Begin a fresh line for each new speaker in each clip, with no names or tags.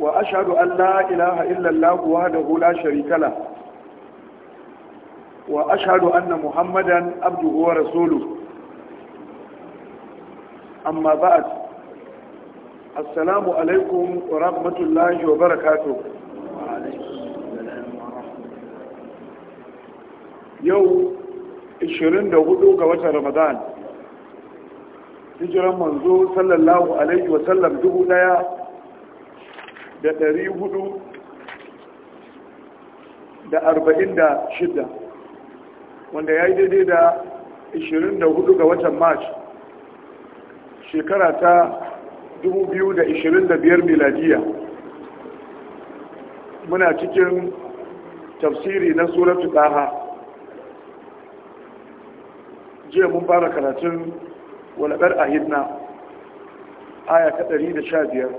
وأشهد أن لا إله إلا الله وحده لا شريك له وأشهد أن محمدا عبده ورسوله أما بعد السلام عليكم ورحمة الله وبركاته yau 24 ga watan ramadan hijiran manzo sallallahu alaihi wasallam dubu daya da ɗari hudu da arba'in da shida wanda ya yi daidai da ishirin da hudu ga watan march shekara ta dubu biyu da ishirin da biyar miladiya muna cikin tafsiri na suratu ɗaha jiya mun fara karatun walaɓar ahidna aya ta ɗari da sha biyar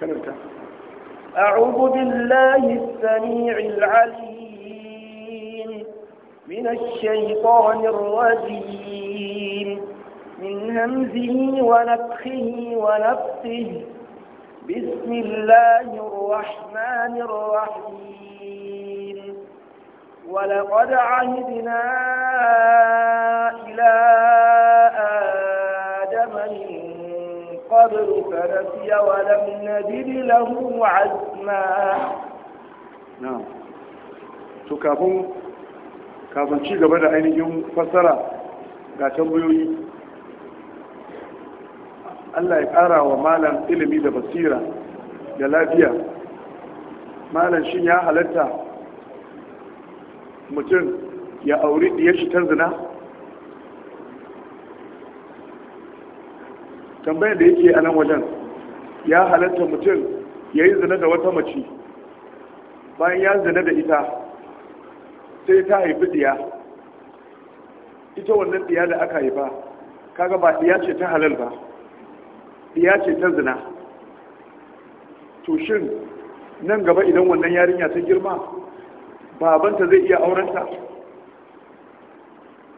سنبتا أعوذ بالله السميع العليم من الشيطان الرجيم
من همزه ونفخه ونفسه بسم الله الرحمن الرحيم
ولقد عهدنا قبل فنسي ولم نجد له عزما نعم to kafin ci gaba da ainihin fassara ga tambayoyi Allah ya ƙara wa malam ilimi da basira da lafiya malam shi ya halatta mutum ya auri ɗiyar shi ta zina tambayar da yake a nan wajen ya halatta mutum ya yi zina da wata mace bayan ya zina da ita sai ta haifi diya ita wannan diya da aka haifa kaga ba diya ce ta halal ba diya ce ta zina to shin nan gaba idan wannan yarinya ta girma babanta zai iya aurenta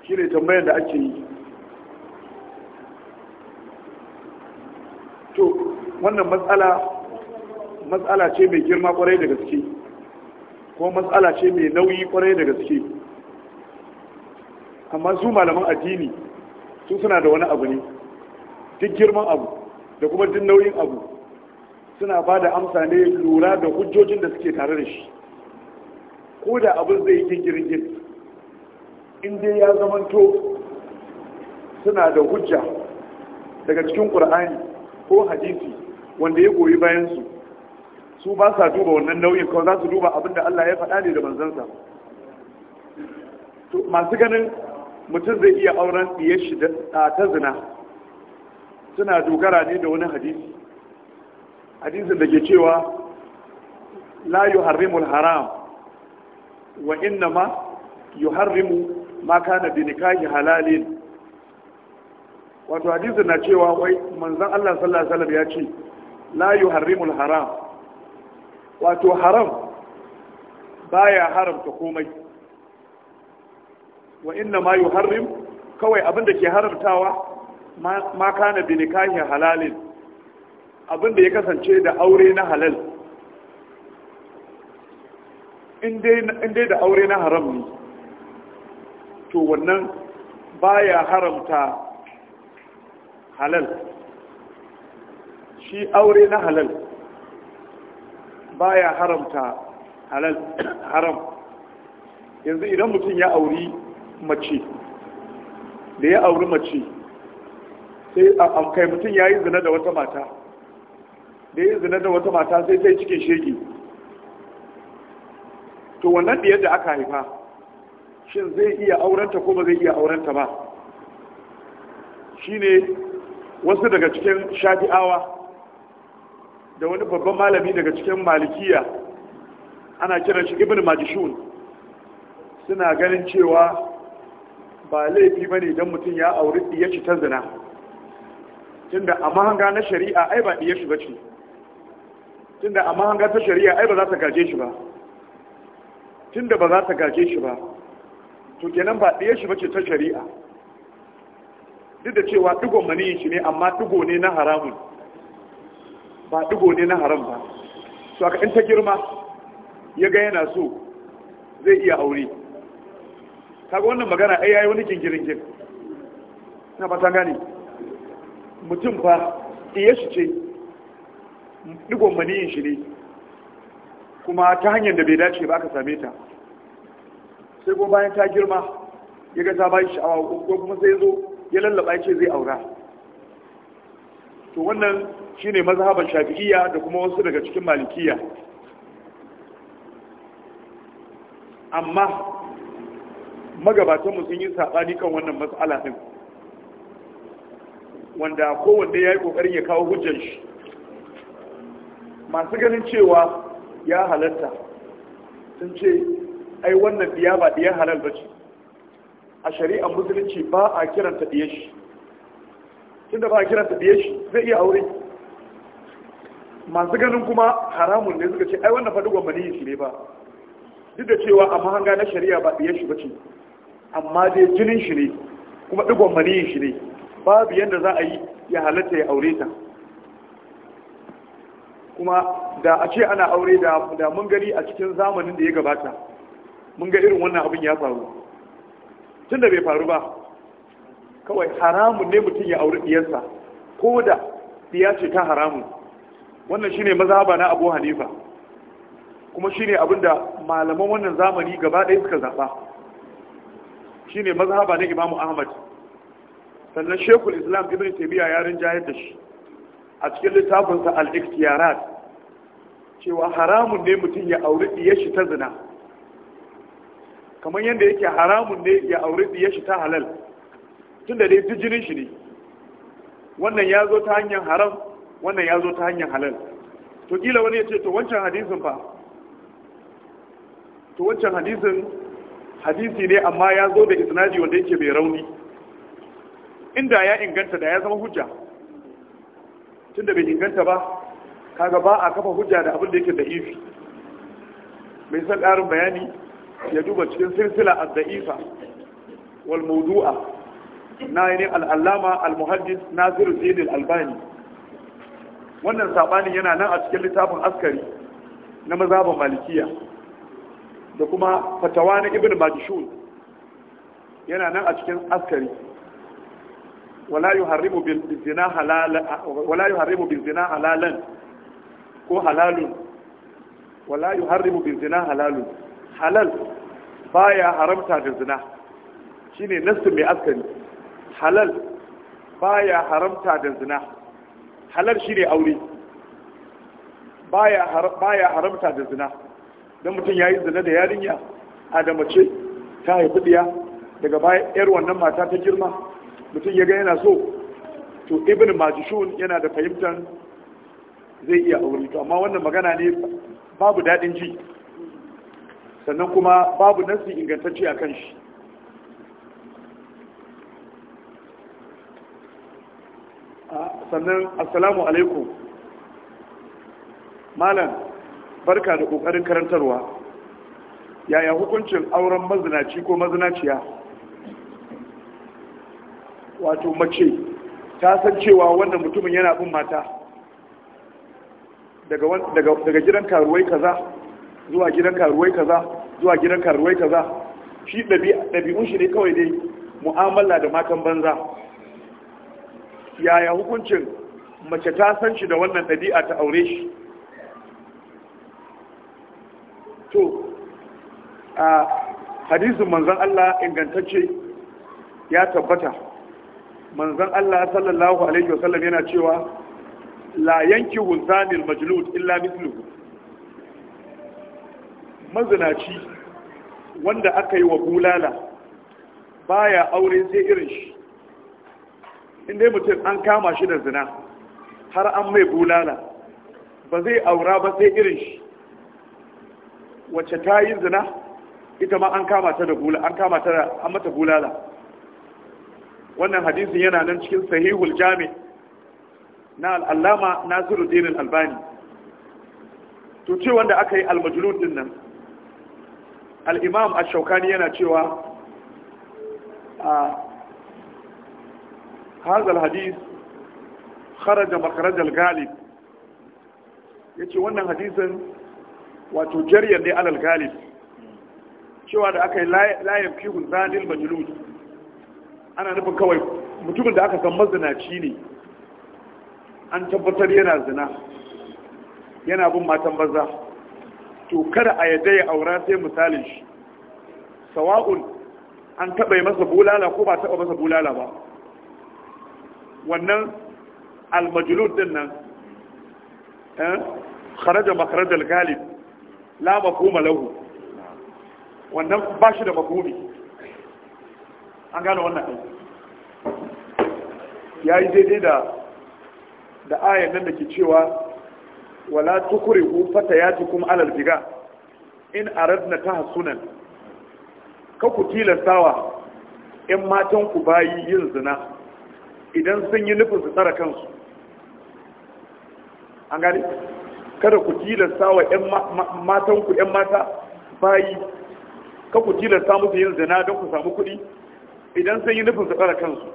shi ne tambayar da ake yi wannan matsala matsala ce mai girma kwarai da gaske ko matsala ce mai nauyi kwarai da gaske amma su malaman addini su suna da wani abu ne duk girman abu da kuma duk nauyin abu suna ba da amsa ne lura da hujjojin da suke tare da shi ko da abin zai yi girgin, in dai ya zamanto suna da hujja daga cikin ƙur'ani ko hadisi wanda ya goyi bayan su su ba sa duba wannan nau'in kawai za su duba abin da Allah ya faɗa ne da manzansa masu ganin mutum zai iya auren ɗiyar shi ta zina suna dogara ne da wani hadisi hadisin da ke cewa la yuharrimul haram wa inna ma yuharrimu ma kana bi nikahi halalin wato hadisin na cewa wai manzan Allah sallallahu alaihi wasallam ya ce la yuharrimul haram wato haram baya haramta komai wa inna ma yuharrim kawai abinda ke haramtawa ma kana bi nikahi halalin abinda ya kasance da aure na halal in da aure na haram ne to wannan baya haramta halal shi aure na halal baya haramta halal haram yanzu idan mutum ya auri mace da ya auri mace sai a kai mutum ya yi zina da wata mata da ya yi zina da wata mata sai ta yi cikin shege to wannan da yadda aka haifa shin zai iya aurenta ko ba zai iya aurenta ba shine wasu daga cikin shafi'awa da wani babban malami daga cikin malikiya ana kiran shi ibn majishun suna ganin cewa ba laifi bane idan mutum ya auri diyar shi ta zina tunda a mahanga na shari'a ai ba diyar shi bace tunda a mahanga ta shari'a ai ba za ta gaje shi ba tunda ba za ta gaje shi ba to kenan ba diyar shi bace ta shari'a duk da cewa digon mani shi ne amma dugo ne na haramun ba digo ne na haram ba so aka in ta girma ya ga yana so zai iya aure kaga wannan magana ai yayi wani gingiringin na ba ta gane mutum ba, iya shi ce digon maniyin shi ne kuma ta hanyar da bai dace ba aka same ta sai kuma bayan ta girma ya ga ta bayi sha'awa ko kuma sai zo ya lallaba ce zai aura to wannan shine mazhaban shafi'iyya da kuma wasu daga cikin malikiya amma magabatanmu sun yi saɓani kan wannan matsala ɗin wanda kowanne ya yi ƙoƙarin ya kawo hujjan shi masu ganin cewa ya halatta sun ce ai wannan biya ba ɗiyar halal ba ce a shari'ar musulunci ba a kiranta ɗiyar shi tunda ba a ta biye shi zai iya aure masu ganin kuma haramun ne suka ce ai wannan fadugon maniyi shi ne ba duk da cewa a mahanga na shari'a ba biye shi ba ce. amma dai jinin shi ne kuma digon maniyi shi ne babu yadda za a yi ya halatta ya aure ta kuma da a ce ana aure da mun gani a cikin zamanin da ya gabata mun ga irin wannan abin ya faru tun da bai faru ba kawai haramun ne mutum ya auri diyarsa ko da diya ce ta haramun wannan shine mazhaba na Abu Hanifa kuma shine abinda malaman wannan zamani gaba ɗaya suka zaba shine mazhaba na Imam Ahmad sannan shekul Islam Ibn taimiyya ya rinjayar da shi a cikin littafinsa al-Ikhtiyarat cewa haramun ne mutum ya auri diyar shi ta zina kamar yadda yake haramun ne ya auri diyar shi ta halal tun da dai jinin shi ne wannan ya zo ta hanyar haram wannan ya zo ta hanyar halal to kila wani ya ce to wancan hadisin fa to wancan hadisin hadisi ne amma ya zo da isnadi wanda yake bai rauni inda ya inganta da ya zama hujja tun da bai inganta ba kaga ba a kafa hujja da abin da yake da ifi mai san ƙarin bayani ya duba cikin silsila a da'ifa wal mawdu'a na yi al'allama al-muhaddis nazir zidil albani wannan saɓanin yana nan a cikin littafin askari na mazhabin malikiya da kuma fatawa na ibn majishun yana nan a cikin askari wala yi yuharrimu bin zina halalan ko halalun wala yi yuharrimu bin zina halalun halal baya haramta da zina Shi shine nassin mai askari halal baya haramta da zina halal shi ne aure baya haramta da zina don mutum ya yi zina da yarinya a da mace ta haifi ɗiya daga baya yar wannan mata ta girma mutum ya ga yana so to ibn majishun yana da fahimtar zai iya aure to amma wannan magana ne babu daɗin ji sannan kuma babu nasi ingantacce a kan shi sannan assalamu alaikum malam barka da kokarin karantarwa yaya hukuncin auren mazinaci ko mazinaciya wato mace ta san cewa wannan mutumin yana bin mata daga gidan karuwai kaza zuwa gidan karuwai kaza zuwa gidan karuwai kaza shi ɗabi'un shi ne kawai dai mu'amala da matan banza yaya hukuncin mace ta san shi da wannan ɗabi'a ta aure shi to a hadisin manzon Allah ingantacce ya tabbata manzon Allah sallallahu alaihi wasallam yana cewa la yanki wunzanil majlud illa mithluhu mazinaci wanda aka yi wa bulala baya aure sai irin shi inda mutum an kama shi da zina har an mai bulala ba zai aura ba sai irin shi wacce ta yi zina ita ma an kama ta da an mata bulala wannan hadisin yana nan cikin sahihul jami na al'allama nasiruddin al-albani to ce wanda aka yi al-majnun din nan al-imam ash yana cewa ah, هذا الحديث خرج مخرج الغالب yace wannan hadisin wato jariyar ne alal galib cewa da aka yi layan fihun zanil majlud ana nufin kawai mutumin da aka san mazinaci ne an tabbatar yana zina yana bin matan banza to kada a yadda ya aura sai misalin shi sawa'un an taɓa masa bulala ko ba taɓa masa bulala ba wannan al-majlud din nan eh kharaja makharaj al-ghalib la mafhuma lahu wannan ba shi da mafhumi an gano wannan kai yayi daidai da da ayan nan da ke cewa wala tukrihu fatayatukum alal biga in aradna tahsunan ka ku tilastawa in matan ku bayi yin zina idan sun yi nufin su tsara kansu an gani kada ku tilasta wa 'yan matan ku mata bayi ka ku tilasta musu yin zina don ku samu kuɗi idan sun yi nufin su tsara kansu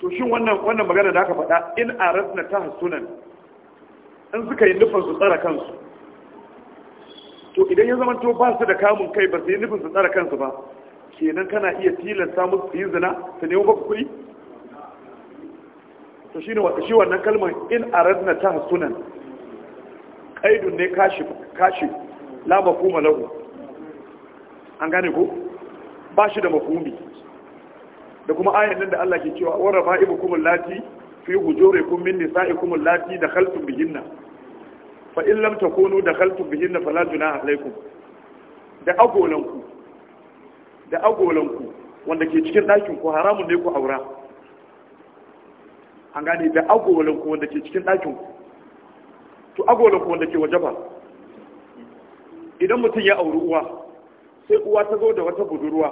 to shin wannan wannan magana da aka faɗa in arasna ta hasunan in suka yi nufin su tsara kansu to idan ya zama to ba su da kamun kai ba su yi nufin su tsara kansu ba kenan kana iya tilasta musu yin yi zina su ba ku kuɗi to shine wata shi wannan kalmar in aradna ta hasunan Ka'idun ne kashi kashi la mafhuma lahu an gane ko ba shi da mafhumi da kuma ayan nan da Allah ke cewa wa rafa'ibukum allati fi hujurikum min nisa'ikum allati dakhaltum bihinna fa in lam takunu dakhaltum bihinna fala junaha alaykum da agolanku da agolanku wanda ke cikin dakin ku haramun ne ku aura an gane da agolan ku wanda ke cikin ɗakin ku to agolan ku wanda ke waje ba idan mutum ya auri uwa sai uwa ta zo da wata budurwa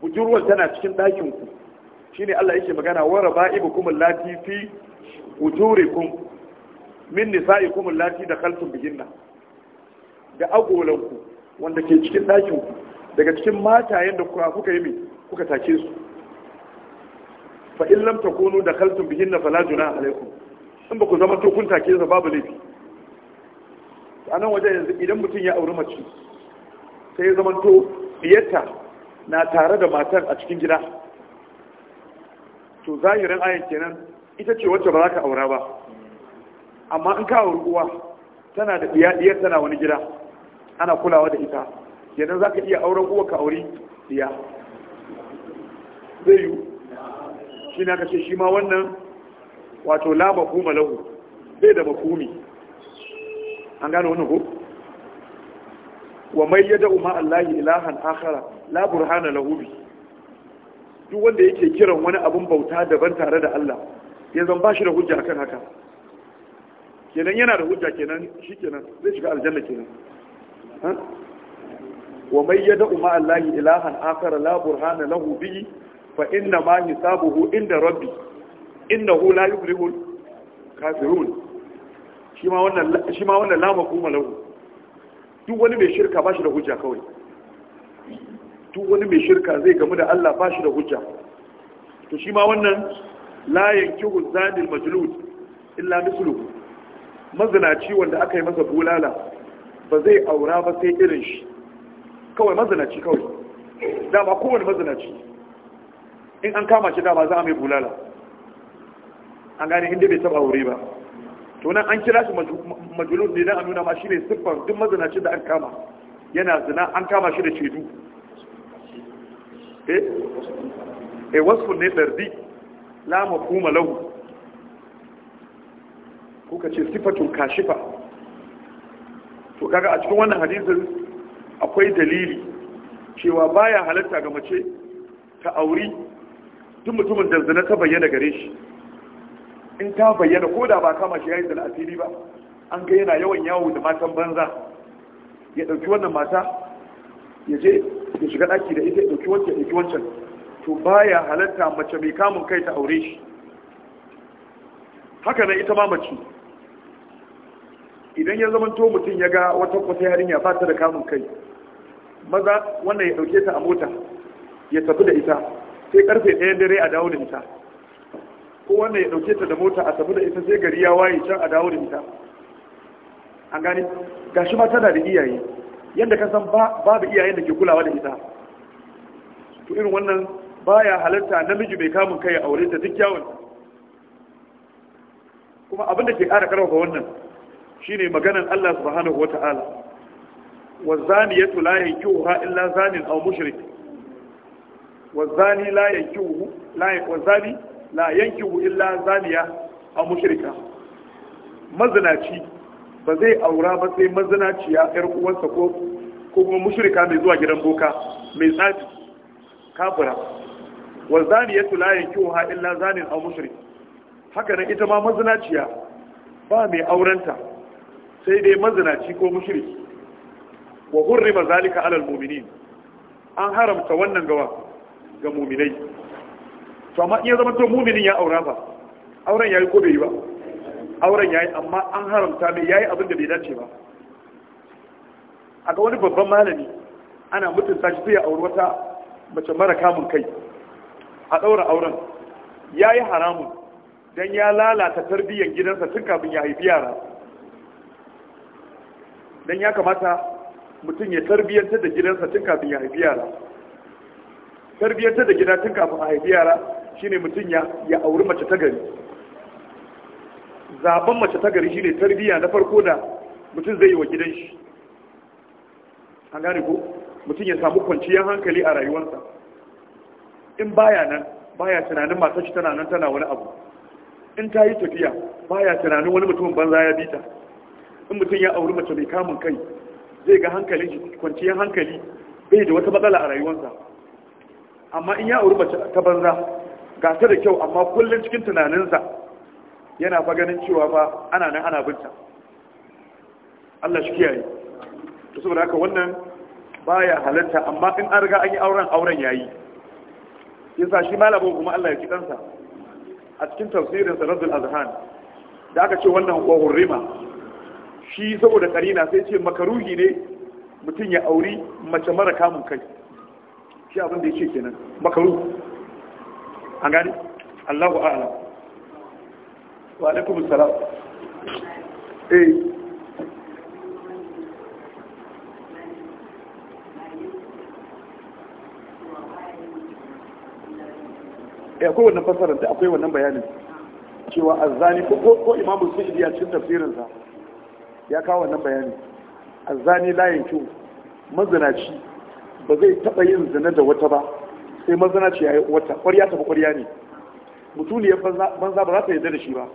budurwar tana cikin ɗakin ku shine Allah yake magana wa kuma lati fi wujurikum min nisa'ikum allati dakhaltum bihinna da agolan ku wanda ke cikin ɗakin ku daga cikin matayen da kuka yi mai kuka take su fa in lam takunu dakhaltum bihinna fala junaha alaikum in ba ku zama to kun take sa babu laifi anan waje yanzu idan mutum ya auri mace sai ya zama to diyarta na tare da matar a cikin gida to zahirin ayan kenan ita ce wacce ba za ka aura ba amma in ka auri uwa tana da diyar tana wani gida ana kulawa da ita kenan za ka iya auren uwa ka auri Iya. zai yiwu shi na kashe shi ma wannan wato la makuma lahu bai da makumi an gano wannan ko wa mai yada Allah allahi ilahan akhara la burhana lahu bi duk wanda yake kiran wani abun bauta daban tare da Allah ya zan ba shi da hujja akan haka kenan yana da hujja kenan shikenan zai shiga aljanna kenan wa mai yada Allah allahi ilahan akhara la burhana lahu bi fa inna ma hisabuhu inda rabbi innahu la yuflihul kafirun shi ma wannan shi ma wannan lama kuma lahu duk wani mai shirka ba shi da hujja kawai duk wani mai shirka zai gamu da Allah ba shi da hujja to shi ma wannan la yankihu zanil majlud illa misluhu Mazanaci wanda aka yi masa bulala ba zai aura ba sai irin shi kawai mazanaci kawai dama kowane mazanaci. in an kama shi dama za a mai bulala an gane inda bai taba aure ba to nan an kira shi majulun ne don a nuna ma shine siffar duk mazinacin da an kama yana zina an kama shi da shedu eh eh wasu ne dardi la kuma lahu kuka ce sifatun kashifa to kaga a cikin wannan hadisin akwai dalili cewa baya halatta ga mace ta auri tun mutumin da zina ta bayyana gare shi in ta bayyana ko da ba kama shi ya yi zina asiri ba an ga yana yawan yawo da matan banza ya ɗauki wannan mata ya je ya shiga ɗaki da ita ya ɗauki wancan ya ɗauki wancan to ba ya halatta mace mai kamun kai ta aure shi haka nan ita ma mace idan ya zama to mutum ya ga wata kwata yarinya ba ta da kamun kai maza wannan ya ɗauke ta a mota ya tafi da ita sai karfe ɗayan dare a dawo da ita ko wanda ya ɗauke ta da mota a tafi da ita sai gari ya waye can a dawo da ita an gane gashi ma tana da iyaye yadda ka san babu iyayen da ke kulawa da ita to irin wannan baya halarta namiji bai kamun kai a aure ta duk yawon kuma abin da ke ƙara karfafa wannan shine maganan Allah subhanahu wata'ala wa zaniyatu la yankihuha illa zanin aw mushrik wazani la yankihu illa zaniya a mushrika mazinaci ba zai aura ba sai mazinaciya yar uwarsa kuma mushrika mai zuwa gidan boka mai tsafi kafira wa zaniyatu la yankihuha illa zanin aw haka na ita ma mazinaciya ba mai aurenta sai dai mazinaci ko mushriki wa hurrima zalika alal mu'minin an haramta wannan gawa ga muminai to amma in ya zama to muminin ya aura ba auren yayi ko bai yi ba auren yayi amma an haramta mai yayi abin da bai dace ba a ga wani babban malami ana mutunta shi zai ya auri wata mace mara kamun kai a ɗaura auren ya yi haramun don ya lalata tarbiyyar gidansa tun kafin ya haifi yara don ya kamata mutum ya tarbiyyantar da gidansa tun kafin ya haifi yara tarbiyyantar da gida tun kafin a haifi yara shine mutum ya ya auri mace ta gari zaben mace ta gari shine tarbiyya na farko da mutum zai yi wa gidan shi an gane ko mutum ya samu kwanciyar hankali a rayuwarsa in baya nan baya tunanin matar shi tana nan tana wani abu in ta yi tafiya baya tunanin wani mutumin banza ya bita in mutum ya auri mace mai kamun kai zai ga hankali kwanciyar hankali bai da wata matsala a rayuwarsa amma in ya auri mace ta banza ga ta da kyau amma kullum cikin tunaninsa yana fa ganin cewa fa ana nan ana binta Allah shi kiyaye to saboda haka wannan baya halatta amma in an riga an yi auren auren yayi yasa shi malamin kuma Allah ya ki kansa a cikin tafsirin sanadul Azhan da aka ce wannan wa hurrima shi saboda karina sai ce makaruhi ne mutum ya auri mace mara kamun kai shi abinda da ya ce kenan makaru an gani allahu a'ala wa alaikum salam eh eh akwai wannan fasarar da akwai wannan bayanin cewa azzani ko imamu su'idi a cikin tafsirinsa ya kawo wannan bayani azzani la yanku mazinaci ba zai taɓa yin zina da wata ba sai mazana ce ya yi wata ƙwarya ta ƙwarya ne mutuliyar banza ba za ta yarda da shi ba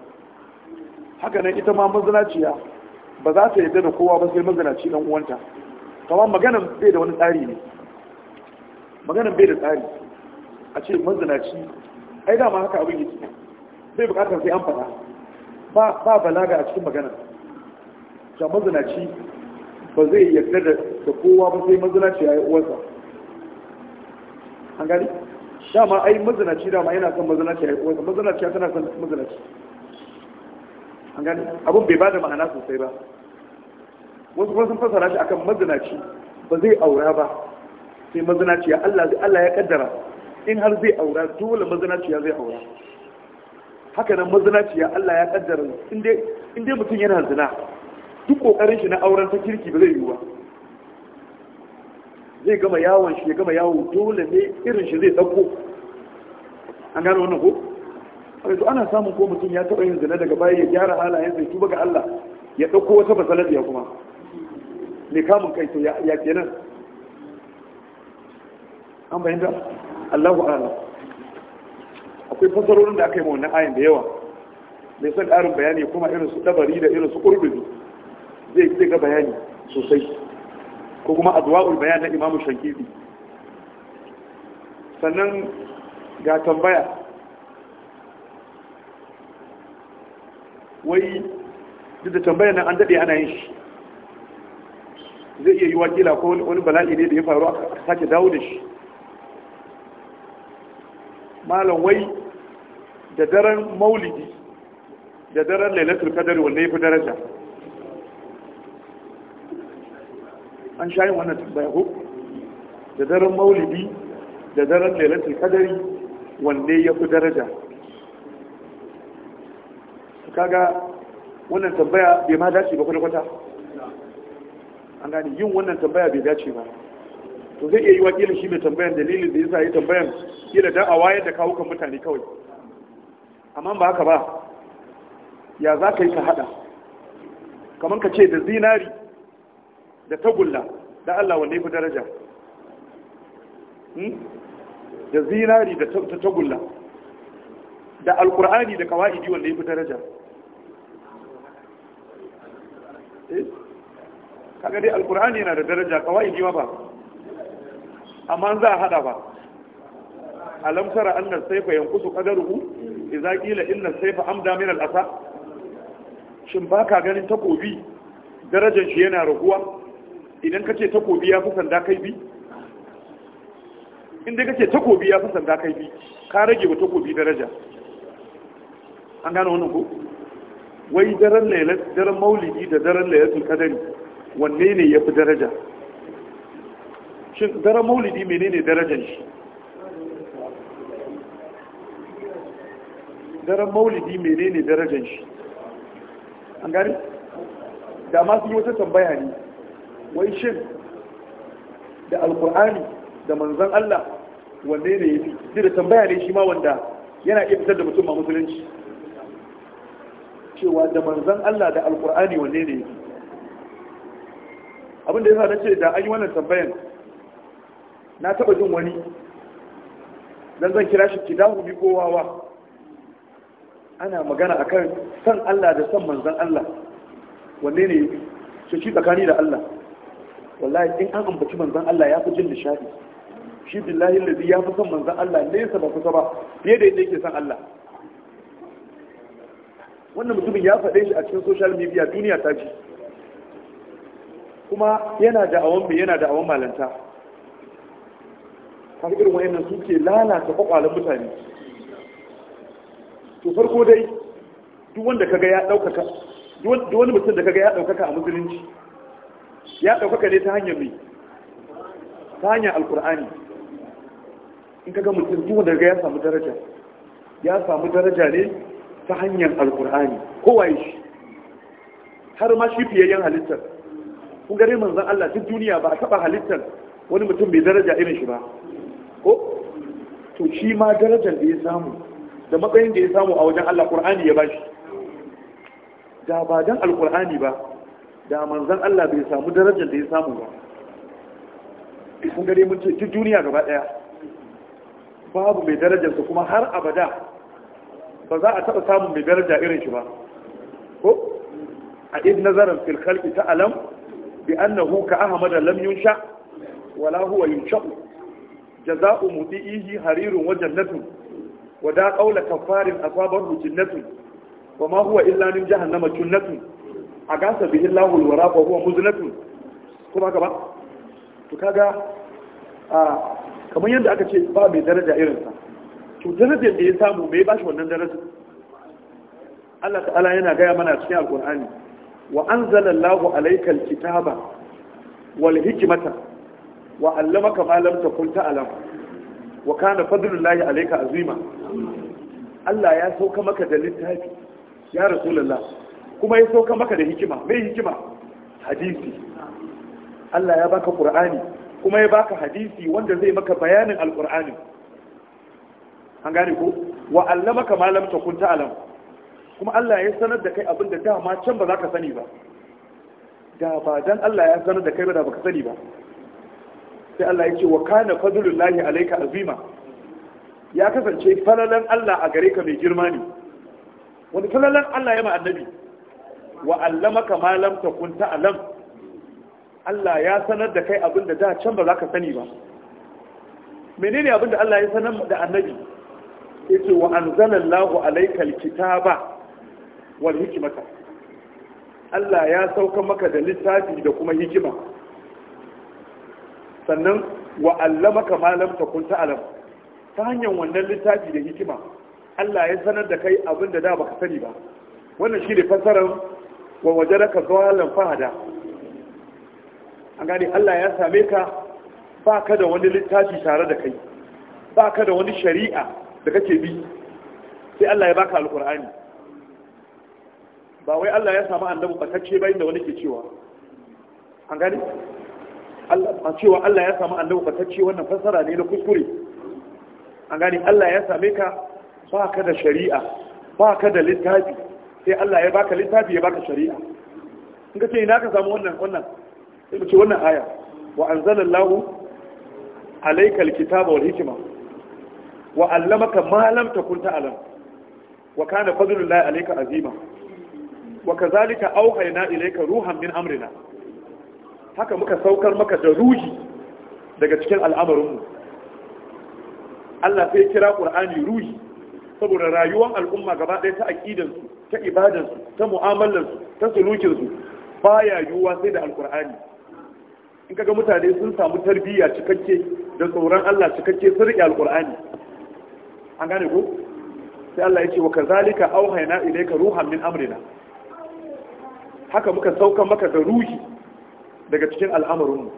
haka nan ita ma ya ba za ta yarda da kowa ba sai ce dan uwanta kamar maganan bai da wani tsari ne maganan bai da tsari a ce ce ai dama haka abin yake bai bukatar sai an fada ba balaga a cikin maganan ga mazinaci ba zai yarda da kowa ba sai mazinaci ya yi uwarsa an gani dama ai mazinaci dama yana son mazinaci ya yi uwarsa mazinaci ya tana son mazinaci an gani abin bai ba da ma'ana sosai ba wasu kuma sun fasara shi akan mazinaci ba zai aura ba sai mazinaci ya Allah Allah ya kaddara in har zai aura dole mazinaci ya zai aura haka nan mazinaci ya Allah ya kaddara in dai mutum yana zina duk kokarin shi na auren ta kirki ba zai yi ba zai gama yawon shi ya gama yawon dole ne irin shi zai dauko an gano wannan ko to ana samun ko mutum ya taɓa yin zina daga baya ya gyara halayen sai tuba ga Allah ya dauko wata ya kuma ne kamun kai to ya kenan an bayyana Allahu a'lam akwai fasarorin da aka yi ma wannan ayin da yawa mai son ƙarin bayani kuma irin su dabari da irin su ƙurbizu zai ga bayani sosai ko kuma adwa'ul bayan na imamu shankidi sannan ga tambaya wai duk da tambaya nan an daɗe ana yin shi zai iya yi wakila ko wani bala'i ne da ya faru a sake dawo da shi malam wai da daren maulidi da daren lailatul kadari wanda ya fi daraja an sha yin wannan tambaya ko da daren maulidi da daren lailatul kadari wanne ya fi daraja kaga wannan tambaya bai ma dace ba kwata-kwata an gani yin wannan tambaya bai dace ba to zai iya yi wakilin shi mai tambayan dalilin da yasa yi tambayan kila da a wayar da kawukan mutane kawai amma ba haka ba ya za ka yi ka hada kamar ka ce da zinari da tagulla da Allah wanda ya fi daraja hmm? da zinari da tagulla da alkur'ani da kawa'idi wanda ya fi daraja eh? kaga dai alkur'ani yana da daraja kawa'idi ma ba amma za a hada ba alam tara annas sayfa yanqusu qadaruhu idza qila inna sayfa amda min al-asa shin ka ganin takobi darajar shi yana raguwa idan ka ce takobi ya fi sanda kai bi inda ka ce takobi ya fi sanda kai bi ka rage wa takobi daraja an gano wani ko wai daren lailat daren maulidi da daren lailatul qadari wanne ne yafi daraja shin daren maulidi menene darajar shi daren maulidi menene darajar shi an gani da ma su yi wata tambaya ne wai shin da alkur'ani da manzan Allah wanne ne ya fi zai da tambaya ne shi ma wanda yana iya fitar da mutum ma musulunci cewa da manzan Allah da alkur'ani wanne ne ya fi abinda ya sa na ce da an yi wannan tambayan na taba jin wani dan zan kira shi kidahu bi kowawa ana magana akan san Allah da san manzan Allah wanne ne ya fi shi tsakani da Allah wallahi in an ambaci manzan Allah ya fi jin nishadi shi billahi lazi ya fi son manzan Allah nesa ba kusa ba fiye da yadda yake son Allah wannan mutumin ya faɗe shi a cikin social media duniya ta ji kuma yana da awon mai yana da awon malanta kaga irin wayannan suke ke lalata kwakwalen mutane to farko dai duk wanda kaga ya ɗaukaka duk wani mutum da kaga ya ɗaukaka a musulunci ya ɗaukaka ne ta hanyar mai ta hanyar alkur'ani in ka ga mutum duk wanda ga ya samu daraja ya samu daraja ne ta hanyar alkur'ani kowa shi har ma shi fiye yan halittar kun gare manzan Allah duk duniya ba a taɓa halittar wani mutum mai daraja irin shi ba ko to shi ma darajar da ya samu da matsayin da ya samu a wajen Allah Qur'ani ya bashi da ba dan alkur'ani ba da manzan Allah bai samu darajar da ya samu ba kun gare mun ce duk duniya gaba daya babu mai darajarsa kuma har abada ba za a taɓa samun mai daraja irin shi ba ko a id nazarin fil khalqi ta alam bi annahu ka ahmad lam yunsha wala huwa yunsha jaza'u mudihi harirun wa jannatun wa da qawla kafarin asabahu jannatun wa ma huwa illa min jahannama jannatun a gasa bihin lahul wara ko huwa muzlatun ko ba ka ba to kaga a kamar yadda aka ce ba mai daraja irinsa. sa to darajar da ya samu mai ba shi wannan darajar Allah ta'ala yana gaya mana cikin alkur'ani wa anzala Allahu alayka alkitaba wal hikmata wa allamaka ma lam takun ta'lam wa kana fadlullahi alayka azima Allah ya sauka maka da littafi ya rasulullah kuma ya sauka maka da hikima mai hikima hadisi Allah ya baka Qur'ani kuma ya baka hadisi wanda zai maka bayanin alqur'ani an gane ko wa allamaka ma lam takun ta'lam kuma Allah ya sanar da kai abin da dama can ba za ka sani ba da ba dan Allah ya sanar da kai ba da baka sani ba sai Allah ya ce wa kana fadlullahi alayka azima ya kasance falalan Allah a gare ka mai girma ne wani falalan Allah ya ma annabi wa allamaka ma lam takun ta'lam Allah ya sanar da kai abin da can ba za ka sani ba menene abin da Allah ya sanar da annabi yace wa anzalallahu alaykal ba, wal hikimata. Allah ya sauka maka da littafi da kuma hikima sannan wa allamaka ma lam takun ta'lam ta hanyar wannan littafi da hikima Allah ya sanar da kai abin da da ka sani ba wannan shi ne fasarar wa wajaraka zawalan fahada an gane Allah ya same ka baka da wani littafi tare da kai baka da wani shari'a da kake bi sai Allah ya baka alkur'ani ba wai Allah ya samu annabi batacce ba inda wani ke cewa an gane Allah cewa Allah ya samu annabi batacce wannan fassara ne na kuskure an gane Allah ya same ka baka da shari'a baka da littafi sai Allah ya baka littafi ya baka shari'a in ka ce ina ka samu wannan wannan sai mu ce wannan aya wa anzalallahu alayka alkitaba wal hikma wa allamaka ma lam takun ta'lam wa kana fadlullahi alayka azima wa kazalika auhayna ilayka ruhan min amrina haka muka saukar maka da ruhi daga cikin al'amarinmu Allah sai kira Qur'ani ruhi saboda rayuwar al'umma gaba ɗaya ta aƙidansu ta ibadansu ta mu'amalansu ta sulukinsu ya yiwuwa sai da alkur'ani in kaga mutane sun samu tarbiyya cikakke da tsoron Allah cikakke sun riƙe alkur'ani an gane ko sai Allah ya ce wa kazalika auhayna ilayka ruhan min amrina haka muka sauka maka da ruhi daga cikin al'amarinmu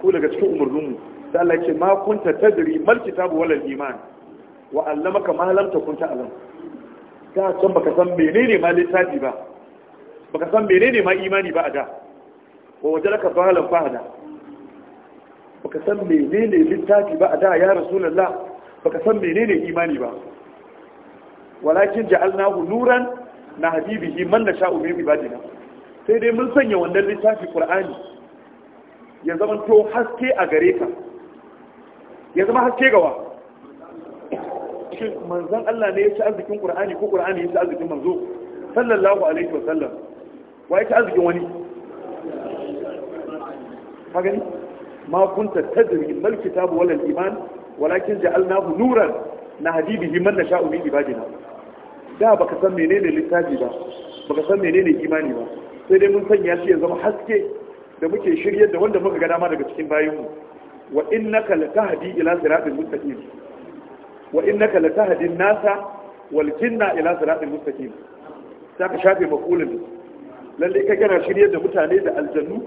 ko daga cikin umarninmu sai Allah ya ce ma kunta tadri mal kitabu wal iman wa allamaka ma lam takun ta'lam
da san baka san menene
ma littafi ba baka san menene ma imani ba a da wa wajalaka zalan fahada baka san menene littafi ba a da ya rasulullah baka san menene imani ba walakin ja'alnahu nuran na habibihi man nasha'u min ibadina sai dai mun sanya wannan littafi qur'ani ya zama to haske a gare ka ya zama haske gawa shin manzan Allah ne ya ci arzikin Qur'ani ko Qur'ani ya ci arzikin manzo sallallahu alaihi wa sallam wa ya ci arzikin wani ka gani ma kunta tadri mal kitabu wal iman walakin ja'alnahu nuran nahdi bihi man nasha'u min ibadina da baka san menene littafi ba baka san menene imani ba sai dai mun sanya shi ya zama haske da muke shiryar da wanda muka ga dama daga cikin bayinmu wa innaka latahdi ila siratal mustaqim wa innaka latahdin nasa wal jinna ila siratin mustaqim sai ka shafe maqulin lalle ka kana shirye da mutane da aljannu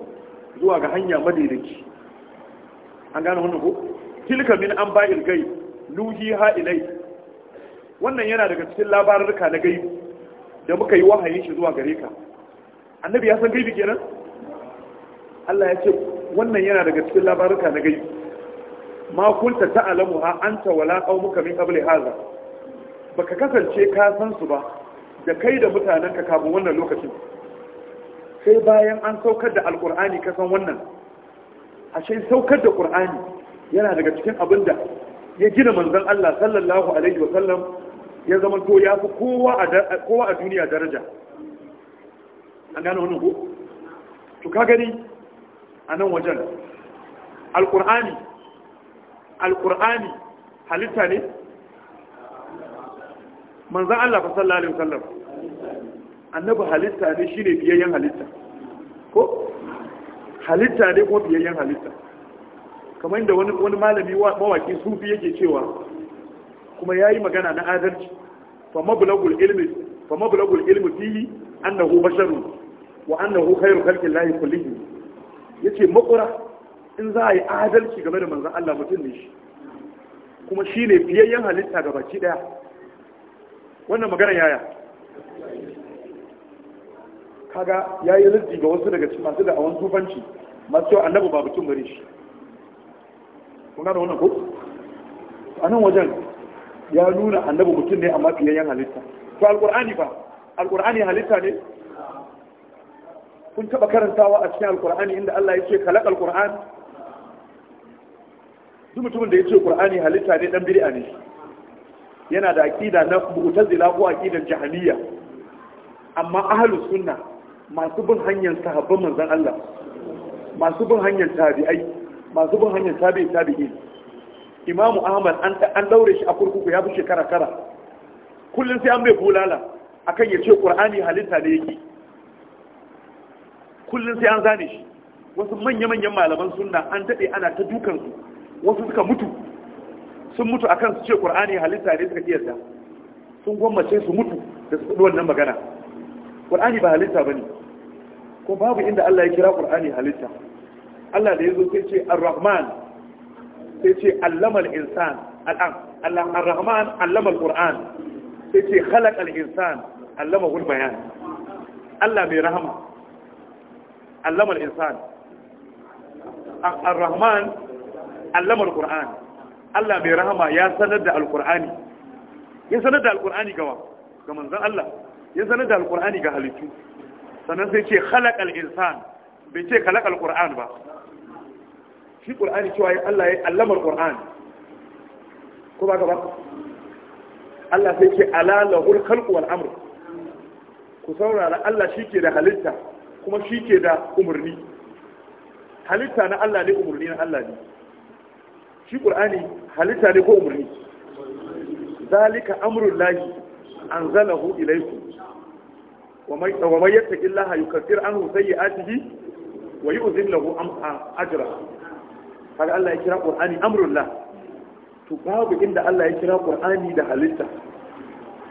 zuwa ga hanya madaidaici an gane wannan ko tilka min anba'il ghaib ha ilai wannan yana daga cikin labarurka na gaibi da muka yi wahayin shi zuwa gare ka annabi ya san gaibi kenan Allah ya ce wannan yana daga cikin labarurka na gaibi ma kunta ta'lamu ha anta wala qaumuka min qabli hadha baka kasance ka san su ba da kai da mutanen ka kafin wannan lokacin sai bayan an saukar da alqur'ani ka san wannan ashe saukar da qur'ani yana daga cikin abinda ya gina manzon Allah sallallahu alaihi wa sallam ya zama to ya fi kowa a kowa a duniya daraja an gano wannan ko to ka gani a nan wajen alqur'ani alkur'ani halitta ne manzan Allah fa sallallahu alaihi wasallam annabi halitta ne shine biyayyen halitta ko halitta ne ko biyayyen halitta kamar da wani wani malami mawaki sufi yake cewa kuma yayi magana na adalci fa mablagul ilmi fa mablagul ilmi fihi annahu basharun wa annahu khairu khalqi llahi kullihi yace makura in za a yi adalci game da manzan Allah mutum ne shi kuma shi ne biyayyen halitta ga baki daya wannan magana yaya kaga ya yi rizki ga wasu daga cikin masu awon tufanci masu yau annabu ba mutum gari shi kun gano wannan ko a nan wajen ya nuna annabu mutum ne amma fiyayyen halitta to alkur'ani ba alkur'ani halitta ne kun taba karantawa a cikin alkur'ani inda Allah ya ce kalaqal qur'an su mutumin da ya ce qur'ani halitta ne dan bid'a ne yana da aqida na mu'tazila ko aqidan jahiliya amma ahlus sunna masu bin hanyar sahabban manzon Allah masu bin hanyar tabi'ai masu bin hanyar tabi'i tabi'i imamu ahmad an daure shi a kurkuku ya fi shekara kara kullum sai an bai bulala akan ya ce qur'ani halitta ne yake kullum sai an zane shi wasu manya-manyan malaman sunna an daɗe ana ta dukansu wasu suka mutu sun mutu a kan su ce qur'ani halitta ne suka kiyarta sun gwammace su mutu da su faɗi wannan magana qur'ani ba halitta ba ne. ko babu inda Allah ya kira qur'ani halitta Allah da ya zo sai ce ar-rahman sai ce allamal insan al'an Allah ar-rahman allamal qur'an sai ce khalaqa insan allamahu al-bayan Allah mai rahama allamal insan ar-rahman allama qur'ani Allah mai rahama ya sanar da al-qur'ani. ya sanar da alqurani gawa ga manzon Allah ya sanar da al-qur'ani ga halittu sannan sai ce khalaqal insan bai ce khalaqal qur'an ba shi qur'ani cewa Allah ya allama qur'ani. ko ba ba Allah sai ce ala lahul khalqu wal amr ku saurara Allah shike da halitta kuma shike da umurni halitta na Allah ne umurni na Allah ne shi ƙur'ani halitta ne ko umarni zalika amrul lahi anzalahu ilaykum wa may yattaqillaha yukaffir anhu sayyi'atihi wa yu'zim lahu ajra kaga Allah ya kira ƙur'ani amrul lah to babu inda Allah ya kira ƙur'ani da halitta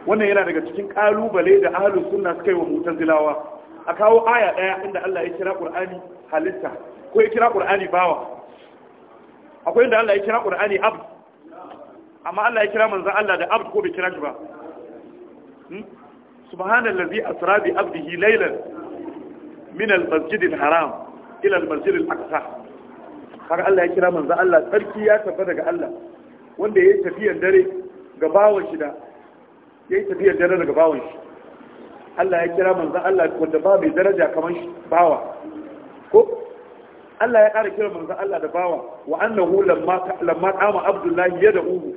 wannan yana daga cikin kalubale da ahlus sunna suka yi wa mutazilawa a kawo aya daya inda Allah ya kira ƙur'ani halitta ko ya kira ƙur'ani bawa akwai inda Allah ya kira Qur'ani abd amma Allah ya kira manzon Allah da abd ko bai kira shi ba hmm? subhanallazi asra bi abdihi abu min al minal masjidin haram ila masjidin masjid al har Allah ya kira manzon Allah sarki ya tafi daga Allah wanda ya yi tafiyar dare ga bawon shi da yi tafiyar dare daga bawon shi Allah ya kira manzon Allah wanda ba mai daraja kamar bawa ko Allah ya ƙara kira manzon Allah da bawa wa annahu lamma Abdullahi qama abdullahi yad'uhu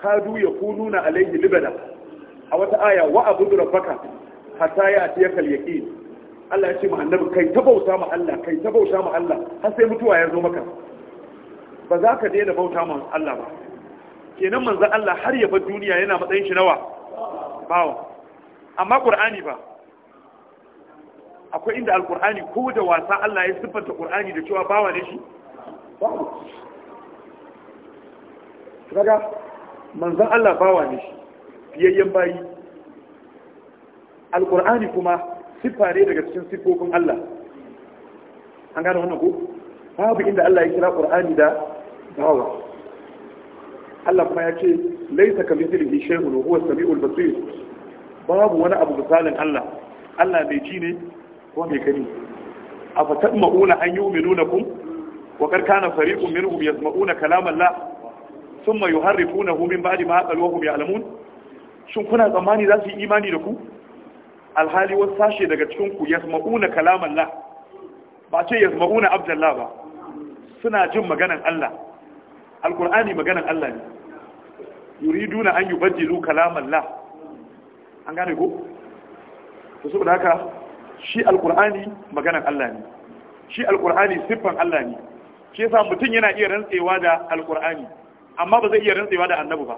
kadu na alayhi libada a wata aya wa da rabbaka hatta ya'tiyaka al-yaqin Allah ya ce mu annabi kai ta bauta ma Allah kai ta bauta ma Allah har sai mutuwa ya zo maka ba za ka daina bauta ma Allah ba kenan manzon Allah har ya bar duniya yana matsayin shi nawa bawa amma Qur'ani ba akwai inda alkur'ani ko da wasa Allah ya siffanta qur'ani da cewa bawa ne shi kaga manzon Allah bawa ne shi fiyayyen bayi alkur'ani kuma siffa ne daga cikin siffofin Allah an gane wannan ko babu inda Allah ya kira qur'ani da bawa Allah kuma ya ce laisa kamithlihi shay'un huwa as-sami'ul basir babu wani abu misalin Allah Allah mai ji ne ko mai gani a fatan ma'una an yi uminu na kun wa karkana fari'un min hum ma'una kalaman la sun mayu yuharrifuna hu min ba ma aqalu hum ya'lamun shin kuna tsammani za su yi imani da ku alhali wasu sashe daga cikin ku yasma'una kalaman la ba ce yasma'una abdallah ba suna jin maganan Allah alqur'ani maganan Allah ne yuriduna an yubaddilu kalaman la an gane ko to saboda haka shi alkur'ani maganan Allah ne shi alkur'ani siffan Allah ne shi yasa mutum yana iya rantsewa da alkur'ani amma ba zai iya rantsewa da annabi ba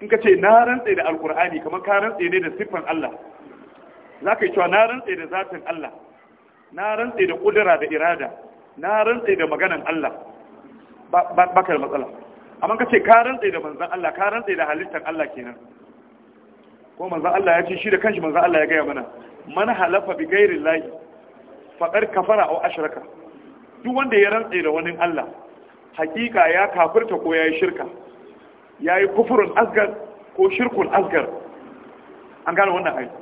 in ka ce na rantse da alkur'ani kamar ka rantse ne da siffan Allah za ka yi cewa na rantse da zatin Allah na rantse da kudura da irada na rantse da maganan Allah ba ka da matsala amma ka ce ka rantse da manzan Allah ka rantse da halittar Allah kenan ko manzan Allah ya ce shi da kanshi manzan Allah ya gaya mana man halafa bi gairi lahi faɗar kafara au ashirka duk wanda ya rantse da wani Allah hakika ya kafirta ko ya yi shirka ya yi kufurin asgar ko shirkun asgar an gane wannan aiki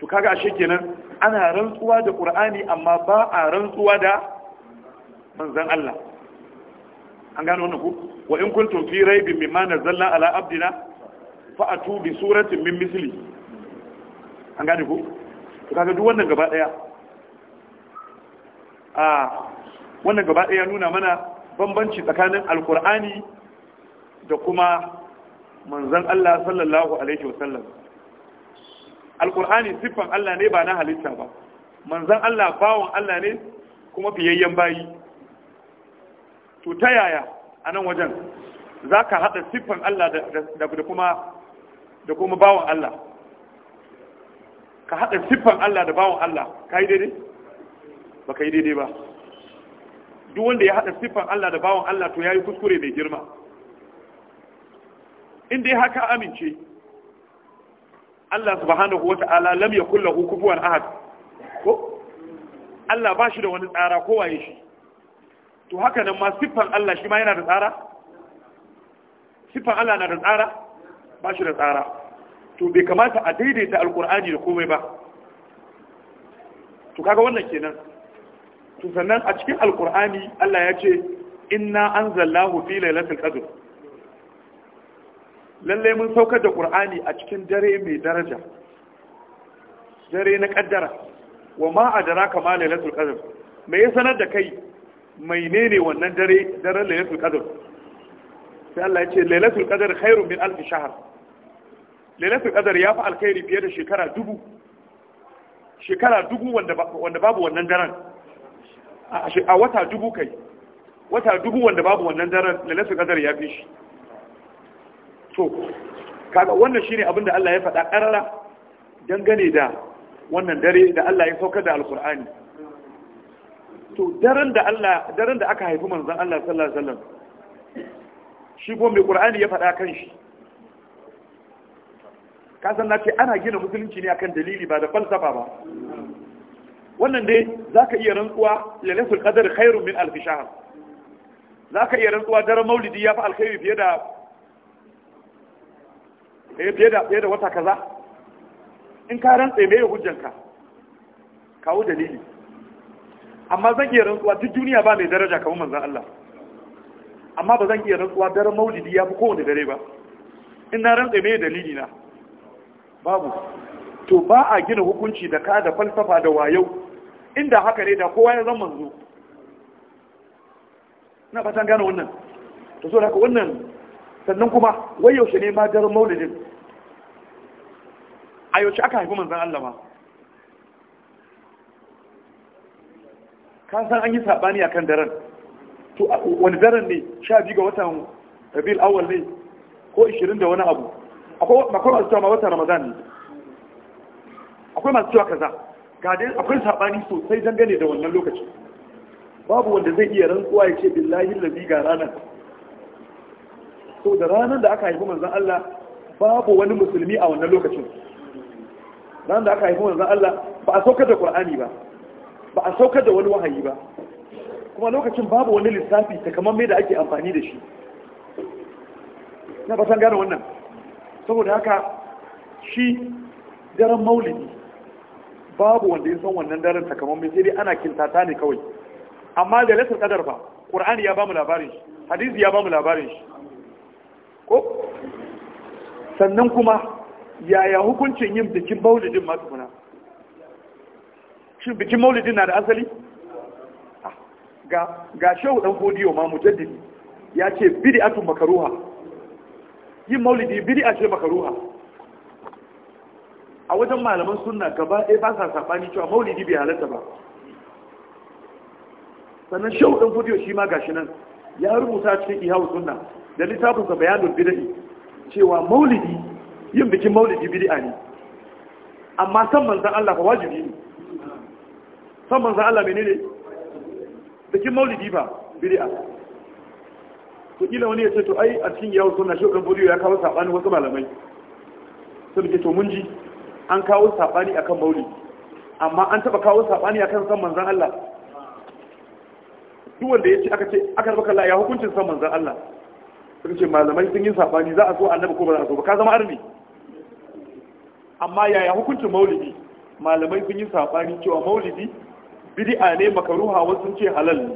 to kaga ashe kenan ana rantsuwa da qur'ani amma ba a rantsuwa da manzon Allah an gane wannan ku wa in kuntum fi raibin mimma nazzalna ala abdina fa atu bi suratin min misli an gane ko to kaga duk wannan gaba daya a wannan gaba daya nuna mana bambanci tsakanin alkur'ani da kuma manzon Allah sallallahu alaihi wasallam alkur'ani siffan Allah ne ba na halitta ba manzon Allah bawon Allah ne kuma fiyayyen bayi to ta yaya a nan wajen za ka haɗa siffan Allah da kuma bawon Allah ka haɗa siffan Allah da bawan Allah ka yi daidai ba ka yi daidai ba duk wanda ya haɗa siffan Allah da bawan Allah to ya yi kuskure mai girma in dai haka amince Allah subhanahu wa ta'ala lam yakul lahu kufuwan ahad ko Allah ba shi da wani tsara ko waye shi to haka nan ma siffan Allah shi ma yana da tsara siffan Allah na da tsara ba shi da tsara to bai kamata a daidaita alkur'ani da komai ba to kaga wannan kenan to sannan a cikin alkur'ani Allah ya ce inna anzalnahu fi lailatul qadr lalle mun saukar da qur'ani a cikin dare mai daraja dare na kaddara wa ma adraka ma lailatul qadr me ya sanar da kai mai nene wannan dare daren lailatul qadr sai Allah ya ce lailatul qadr khairun min alf shahr lailatul qadar ya fi alkhairi fiye da shekara dubu shekara dubu wanda babu wannan daren a wata dubu kai wata dubu wanda babu wannan daren lailatul qadar ya fi shi to kaga wannan shine abin da Allah ya faɗa ƙarara dangane da wannan dare da Allah ya saukar da alkur'ani to daren da Allah daren da aka haifi manzon Allah sallallahu alaihi wasallam shi ko mai qur'ani ya faɗa kan shi kasan na ce ana gina musulunci ne akan dalili ba da falsafa ba wannan dai za ka iya rantsuwa lalatul qadar khairun min alf shahr za ka iya rantsuwa daren maulidi ya fi alkhairi fiye da eh, fiye da fiye da wata kaza in ka rantsa me hujjanka kawo dalili amma zan iya rantsuwa duk duniya ba mai daraja kamar manzon Allah amma ba zan iya rantsuwa daren maulidi ya fi kowane dare ba in na rantsa me dalili na babu to ba a gina hukunci da ka da falsafa da wayo inda haka ne da kowa ya zama manzo na fatan gane wannan to so haka wannan sannan kuma wai yaushe ne ma garin maulidin a yaushe aka haifi manzan Allah ma ka san an yi sabani akan daren to wani daren ne 12 ga watan Rabiul Awwal ne ko 20 da wani abu akwai masu cewa watan ramadan ne akwai masu cewa kaza ga dai akwai sabani sosai dangane da wannan lokaci babu wanda zai iya rantsuwa ya ce billahi lazi ga ranar so da ranar da aka haifi manzon Allah babu wani musulmi a wannan lokacin ranar da aka haifi manzon Allah ba a saukar da Qur'ani ba ba a saukar da wani wahayi ba kuma lokacin babu wani lissafi ta kamar mai da ake amfani da shi na ba san gane wannan saboda haka shi daren maulidi babu wanda ya san wannan daren takamammen sai dai ana kintata ne kawai amma da lasar kadar ba ƙur'ani ya bamu labarin shi hadisi ya bamu labarin shi ko sannan kuma yaya hukuncin yin bikin maulidin masu kuna shi bikin maulidin na da asali ah, ga shehu dan hodiyo ma mujaddidi ya ce bid'atun makaruha yin maulidi a ce makaruha a wajen malaman suna, gaba ɗaya ba sa saɓani cewa maulidi bai halatta ba sannan shehu ɗan fudiyo shi ma gashi nan ya rubuta cikin ihawu suna. da littafinsa bayanin bid'i cewa maulidi yin bikin maulidi a ne amma san manzan Allah fa wajibi ne san manzan Allah menene bikin maulidi ba a. ku kila wani ya ce to ai a cikin yawon suna shugaban ɗan ya kawo saɓani wasu malamai sun ke to mun ji an kawo saɓani akan mauli amma an taɓa kawo saɓani akan san manzan Allah duk wanda ya ce aka ce aka rabaka la ya hukuncin san manzan Allah Sun ce malamai sun yi saɓani za a so annabi ko ba za a so ba ka zama arni amma yaya hukuncin maulidi malamai sun yi saɓani cewa maulidi bid'a ne makaruha wasu sun ce halal ne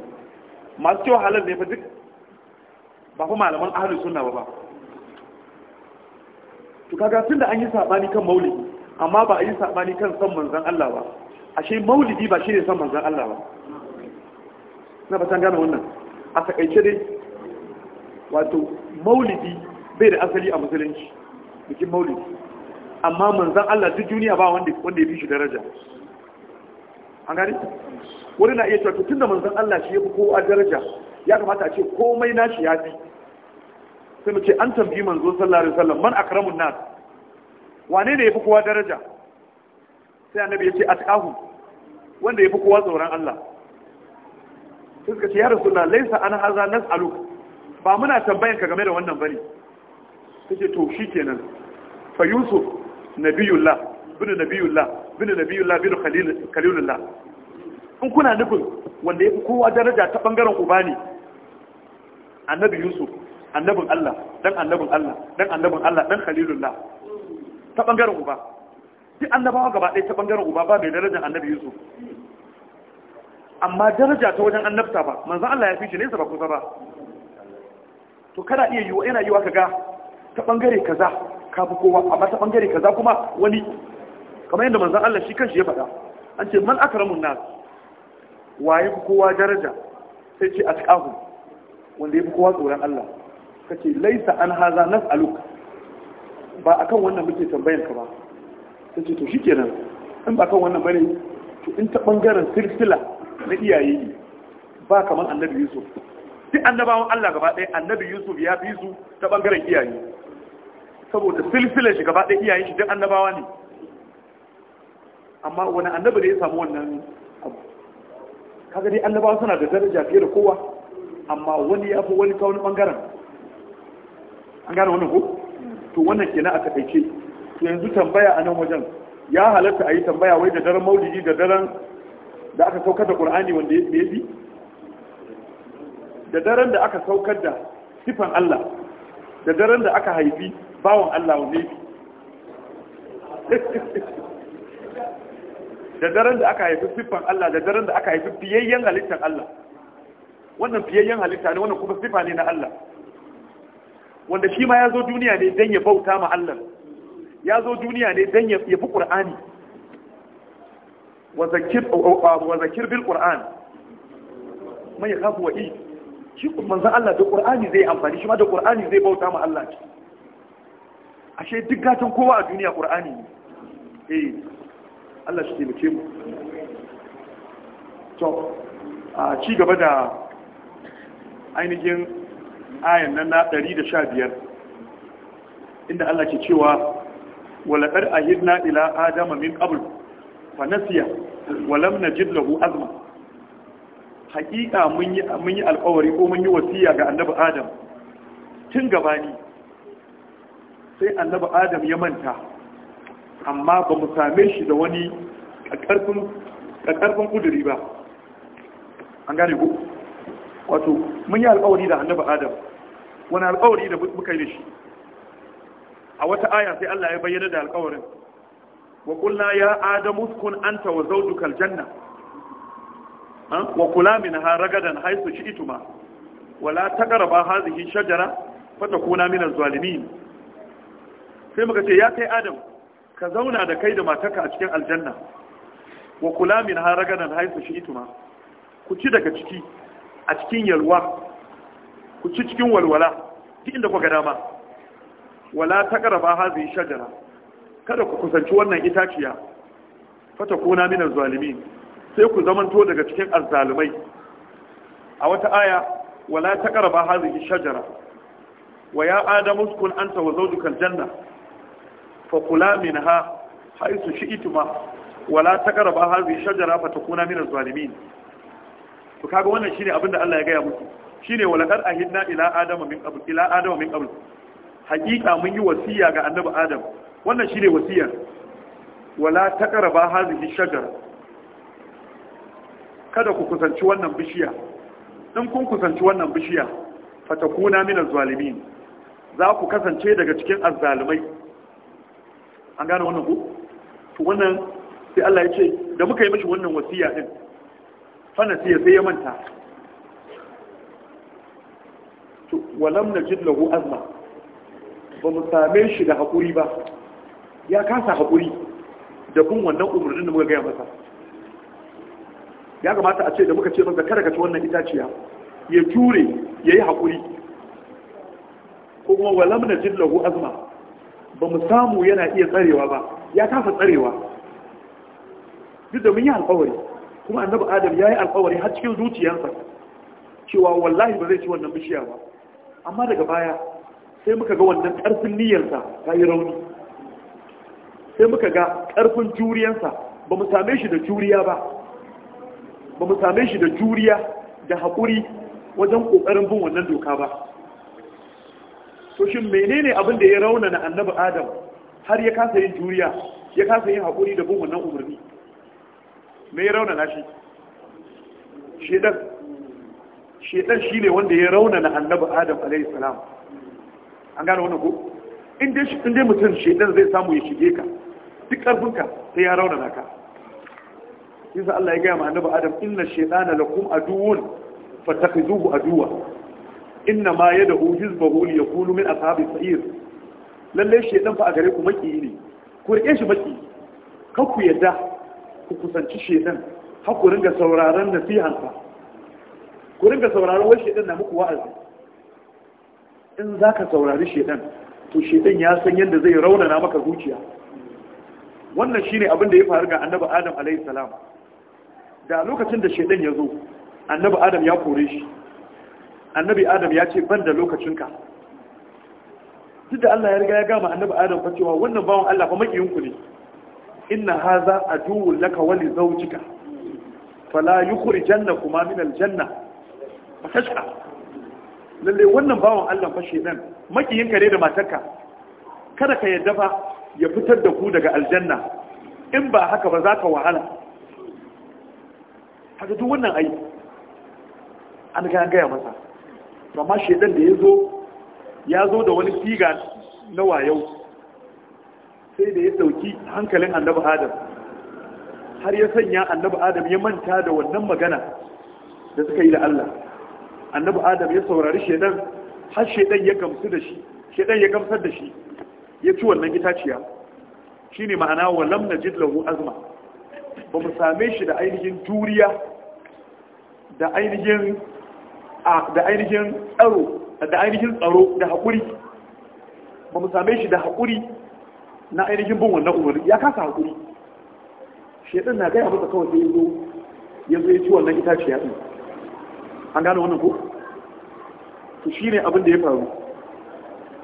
masu cewa halal ne fa duk ba fa malaman ahlus sunna ba ba to kaga tunda an yi sabani kan maulidi amma ba a yi sabani kan san manzon Allah ba ashe maulidi ba shine san manzon Allah ba na ba san gane wannan a sakaice dai wato maulidi bai da asali a musulunci bikin maulidi amma manzon Allah duk duniya ba wanda wanda ya fi shi daraja an gane? wani na iya cewa tun da manzon Allah shi ya fi kowa daraja ya kamata a ce komai nashi ya fi sai mu ce an tambayi manzo sallallahu alaihi wasallam man akramun nas wane ne yafi kowa daraja sai annabi ya ce atqahu wanda yafi kowa tsoron Allah sai suka ce ya rasulullah laysa an haza nas'aluk ba muna tambayan ka game da wannan bane ce to shikenan fa yusuf nabiyullah bin nabiyullah bin nabiyullah bin khalil khalilullah in kuna nufin wanda yafi kowa daraja ta bangaren uba ne annabi yusuf annabin allah dan annabin allah dan annabin allah dan khalilullah ta bangaren uba duk annabawa gaba ɗaya ta bangaren uba ba mai darajar annabi yusuf amma daraja ta wajen annabta ba manzan allah ya fi shi nesa ba kusa ba to kana iya yiwa yana yiwa kaga ta bangare kaza ka fi kowa amma ta bangare kaza kuma wani kamar yadda manzan allah shi kanshi ya faɗa an ce man akramun nas waye kowa daraja sai ce atqahu wanda ya fi kowa tsoron Allah ka ce laisa an haza nas aluk ba a kan wannan muke tambayan ka ba ta ce to shi kenan, in ba kan wannan bane to in ta bangaren silsila na iyaye ne ba kamar annabi yusuf duk annabawan Allah gaba ɗaya annabi yusuf ya fi su ta bangaren iyaye saboda silsila shi gaba ɗaya iyaye shi duk annabawa ne amma wani annabi da ya samu wannan abu kaga dai annabawa suna da daraja fiye da kowa amma wani ya fi wani ta ɓangaren. bangaren an gane wani ko to wannan kenan a takaice to yanzu tambaya a nan wajen ya halatta a yi tambaya wai da daren maulidi da daren da aka saukar da ƙur'ani wanda ya fi da daren da aka saukar da sifan Allah da daren da aka haifi bawan Allah wanda ya fi da daren da aka haifi siffan Allah da daren da aka haifi biyayyen halittar Allah wannan fiyayyen halitta ne wannan kuma sifa ne na Allah wanda shi ma ya zo duniya ne don ya bauta ma Allah ya zo duniya ne don ya fi ƙur'ani wa zakir bil ƙur'an mai ya kafu wa'i shi manzan Allah da ƙur'ani zai amfani shi ma da ƙur'ani zai bauta ma Allah ashe duk gatan kowa a duniya ƙur'ani ne eh Allah shi taimake mu to a ci gaba da ainihin ayan nan na 115 inda Allah ke cewa a ahidna ila adama min qabl fa nasiya wa lam najid lahu azma haƙiƙa mun yi alƙawari ko mun yi wasiya ga annabi Adam tun gabani sai annabi Adam ya manta amma ba mu same shi da wani ƙarfin ƙuduri ba an gane ku wato mun yi alƙawari da annabi adam wani alƙawari da muka yi da shi a wata aya sai Allah ya bayyana da alƙawarin wa qulna ya adamu uskun anta wa zawjuka aljanna wa kula min minha ragadan haythu shi'tuma wa la taqrabu hadhihi shajara fatakuna min az-zalimin sai muka ce ya kai adam ka zauna da kai da matarka a cikin aljanna wa kula min minha ragadan haythu shi'tuma ku ci daga ciki a cikin yalwa ku ci cikin walwala duk inda kuka dama wala taqrabu hadhihi shajara kada ku kusanci wannan itaciya fata kuna minan zalimin sai ku zamanto daga cikin azzalumai a wata aya wala taqrabu hadhihi shajara wa ya adamu uskun anta wa zawjuka janna? fa kula min ha, minha haythu shi'tuma wala taqrabu hadhihi shajara fata kuna minan zalimin to kaga wannan shine abin da Allah ya gaya musu shine walaqad ahidna ila adama min qabl ila adama min qabl hakika mun yi wasiya ga annabi adam wannan shine wasiyar wala taqraba hadhihi shajara kada ku kusanci wannan bishiya in kun kusanci wannan bishiya fatakuna min azzalimin za ku kasance daga cikin azzalimai an gane wannan ku to wannan sai Allah ya ce da muka yi mishi wannan wasiya din fanasiya sai ya manta to walam najid lahu azma ba mu same shi da haƙuri ba ya kasa haƙuri da bin wannan umarnin da muka gaya masa ya kamata a ce da muka ce masa kada ka ci wannan itaciya ya ture ya yi haƙuri kuma walam najid lahu azma ba mu samu yana iya tsarewa ba ya kasa tsarewa duk da mun yi alƙawari kuma annabi adam ya yi alkawari har cikin zuciyarsa cewa wallahi ba zai ci wannan bishiya ba amma daga baya sai muka ga wannan ƙarfin niyyarsa ta yi rauni sai muka ga ƙarfin juriyarsa ba mu same shi da juriya ba ba mu same shi da juriya da haƙuri wajen ƙoƙarin bin wannan doka ba to shi menene abin da ya raunana annabi adam har ya kasa yin juriya ya kasa yin haƙuri da bin wannan umarni me ya raunana shi shedan shedan shi ne wanda ya raunana annabi adam alaihi salam an gane wannan ko in dai in dai mutum shedan zai samu ya shige ka duk karfinka sai ya raunana ka yasa Allah ya gaya ma annabi adam inna shaytana lakum aduwwun fattakhizuhu aduwa inna ma yad'u hizbahu li yakunu min ashabis sa'ir lalle shedan fa a gare ku maki ne ku rike shi maki kan ku yadda ku kusanci shedan har ku ringa sauraron nasihansa ku ringa sauraron wai shedan na muku wa'azi in za ka saurari shedan to shedan ya san yadda zai raunana maka zuciya wannan shine abin da ya faru ga annabi adam alaihi salam da lokacin da shedan ya zo annabi adam ya kore shi annabi adam ya ce ban da lokacinka duk da Allah ya riga ya gama annabi adam fa cewa wannan bawon Allah fa makiyinku ne inna haza aduwwun laka wa zawjika fala kuma min aljanna fatashqa lalle wannan bawan Allah fa shedan makiyin kare da matarka kada ka yadda fa ya fitar da ku daga aljanna in ba haka ba za ka wahala haka duk wannan ai an ga gaya masa amma shedan da ya zo ya zo da wani siga na wayau sai da ya sauki hankalin annabi adam har ya sanya annabi adam ya manta da wannan magana da suka yi da Allah annabi adam ya saurari shedan har shedan ya gamsu da shi shedan ya gamsar da shi ya ci wannan itaciya ne ma'ana wa lam najid lahu azma ba mu same shi da ainihin juriya da ainihin da ainihin tsaro da ainihin tsaro da haƙuri ba mu same shi da haƙuri na ainihin bin wannan umarni ya kasa hakuri shedan na gaya masa kawai sai ya zo ya ci wannan itaciya din an gane wannan ko to shine abin da ya faru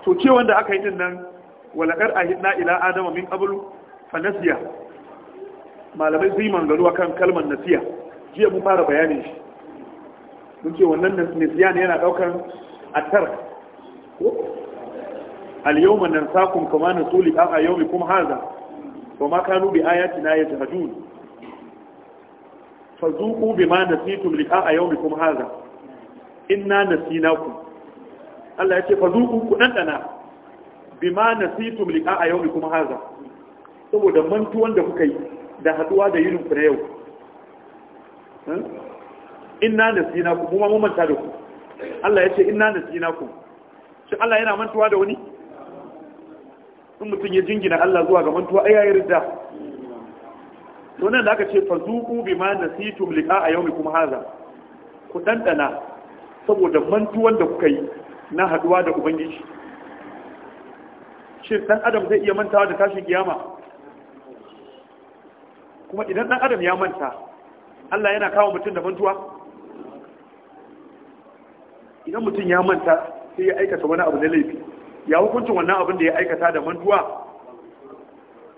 to ce wanda aka yi din nan walaqad ahidna ila adama min qablu fanasiya malamai zai mangaru akan kalmar nasiya jiya mun fara bayanin shi mun ce wannan nasiya ne yana ɗaukar attar. al-yawma nansakum kama nasu liqa'a yawmikum hadha wa ma kanu bi ayatina yajhadun fazuqu bima nasitum liqa'a yawmikum hadha inna nasinakum Allah ya ce fazuqu ku dandana bima nasitum liqa'a yawmikum hadha saboda mantuwan da kuka yi da haduwa da yinin ku na yau hmm? inna nasinakum kuma mun manta da ku Allah ya ce inna nasinakum shi Allah yana mantuwa da wani in mutum ya jingina Allah zuwa ga mantuwa ai yayi da to da aka ce fazuqu bima nasitum mai kuma haza.' ku dandana saboda mantuwan da kuka yi na haduwa da ubangiji shin dan adam zai iya mantawa da tashin kiyama kuma idan dan adam ya manta Allah yana kawo mutum da mantuwa idan mutum ya manta sai ya aikata wani abu na laifi ya hukuncin wannan abin da ya aikata da mantuwa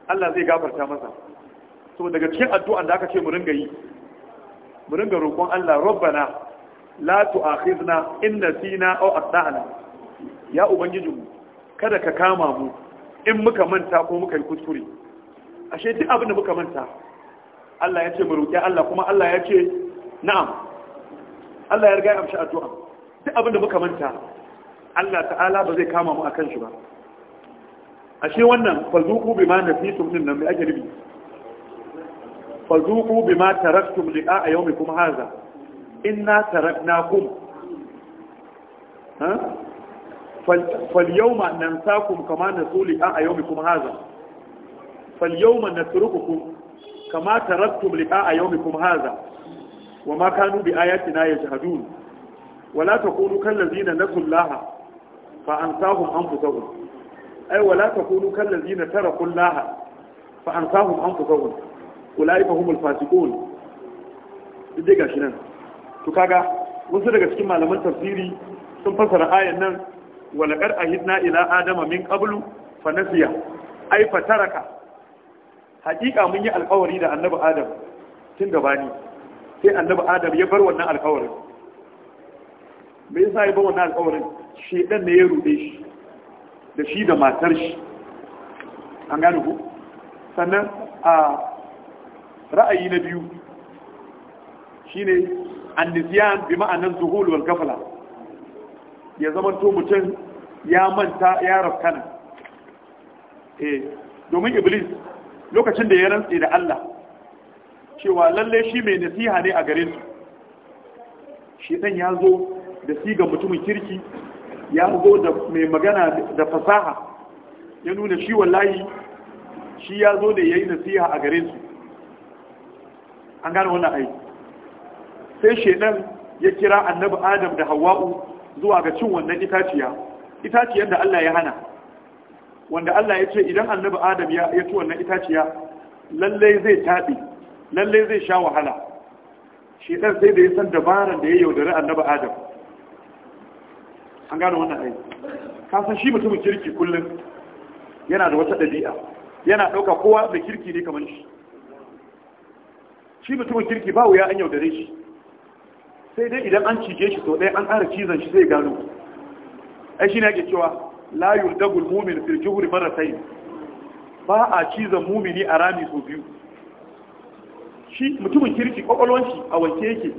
Allah zai gafarta masa so daga cikin addu'an da aka ce mu ringa yi mu ringa roƙon Allah rabbana la tu'akhizna in nasina aw akhtana ya ubangijinmu kada ka kama mu in muka manta ko muka yi kuskure ashe duk abin da muka manta Allah ya ce mu roƙi Allah kuma Allah ya ce na'am Allah ya riga ya amshi addu'a duk abin da muka manta Allah ta'ala ba zai kama mu akan shi ba ashe wannan bi ma na nasitum din nan mai ake nufi fazuku bima taraktum li'a yawmikum hadha inna taraknakum nan sa nansakum kama nasu li'a yawmikum hadha falyawma natrukukum kama taraktum li'a yawmikum hadha wama kanu bi ayatina yajhadun wala takunu kallazina na allaha fa ansahum anfusahum ay wala takunu kal ladzina taraku Allah fa ansahum anfusahum ulai fa humul fasiqun dai shi nan to kaga wasu daga cikin malaman tafsiri sun fasara ayan nan a ahidna ila adama min qablu fa nasiya ay fa taraka hakika mun yi alkawari da annabi adam tun gabani sai annabi adam ya bar wannan alkawarin me yasa ya ba wannan alƙawarin dan ne ya rude shi da shi da matar shi an gane ku sannan a ra'ayi na biyu shine annisyan bi ma'anan zuhul wal gafala ya zamanto mutum ya manta ya rafkana eh domin iblis lokacin da ya rantse da Allah cewa lalle shi mai nasiha ne a gare su dan ya zo da ga mutumin kirki ya zo da mai magana da fasaha ya nuna shi wallahi shi ya zo da ya yi nasiha a gare su an gane wannan aiki sai shaidan ya kira annabi adam da hawa'u zuwa ga cin wannan itaciya itaciyar da allah ya hana wanda allah ya ce idan annabi adam ya ci wannan itaciya lallai zai taɓi lallai zai sha wahala shaidan sai da ya san dabaran da ya yaudari annabi adam an gano wannan ɗaya kasan shi mutumin kirki kullum yana da wata ɗabi'a yana ɗauka kowa da kirki ne kamar shi shi mutumin kirki ba wuya an yaudare shi sai dai idan an cije shi to ɗaya an ƙara cizon shi zai gano ai shi ne ake cewa la yuldagul mumin fil juhri ba a cizon mumini a rami sau biyu shi mutumin kirki kwakwalwanci a wanke yake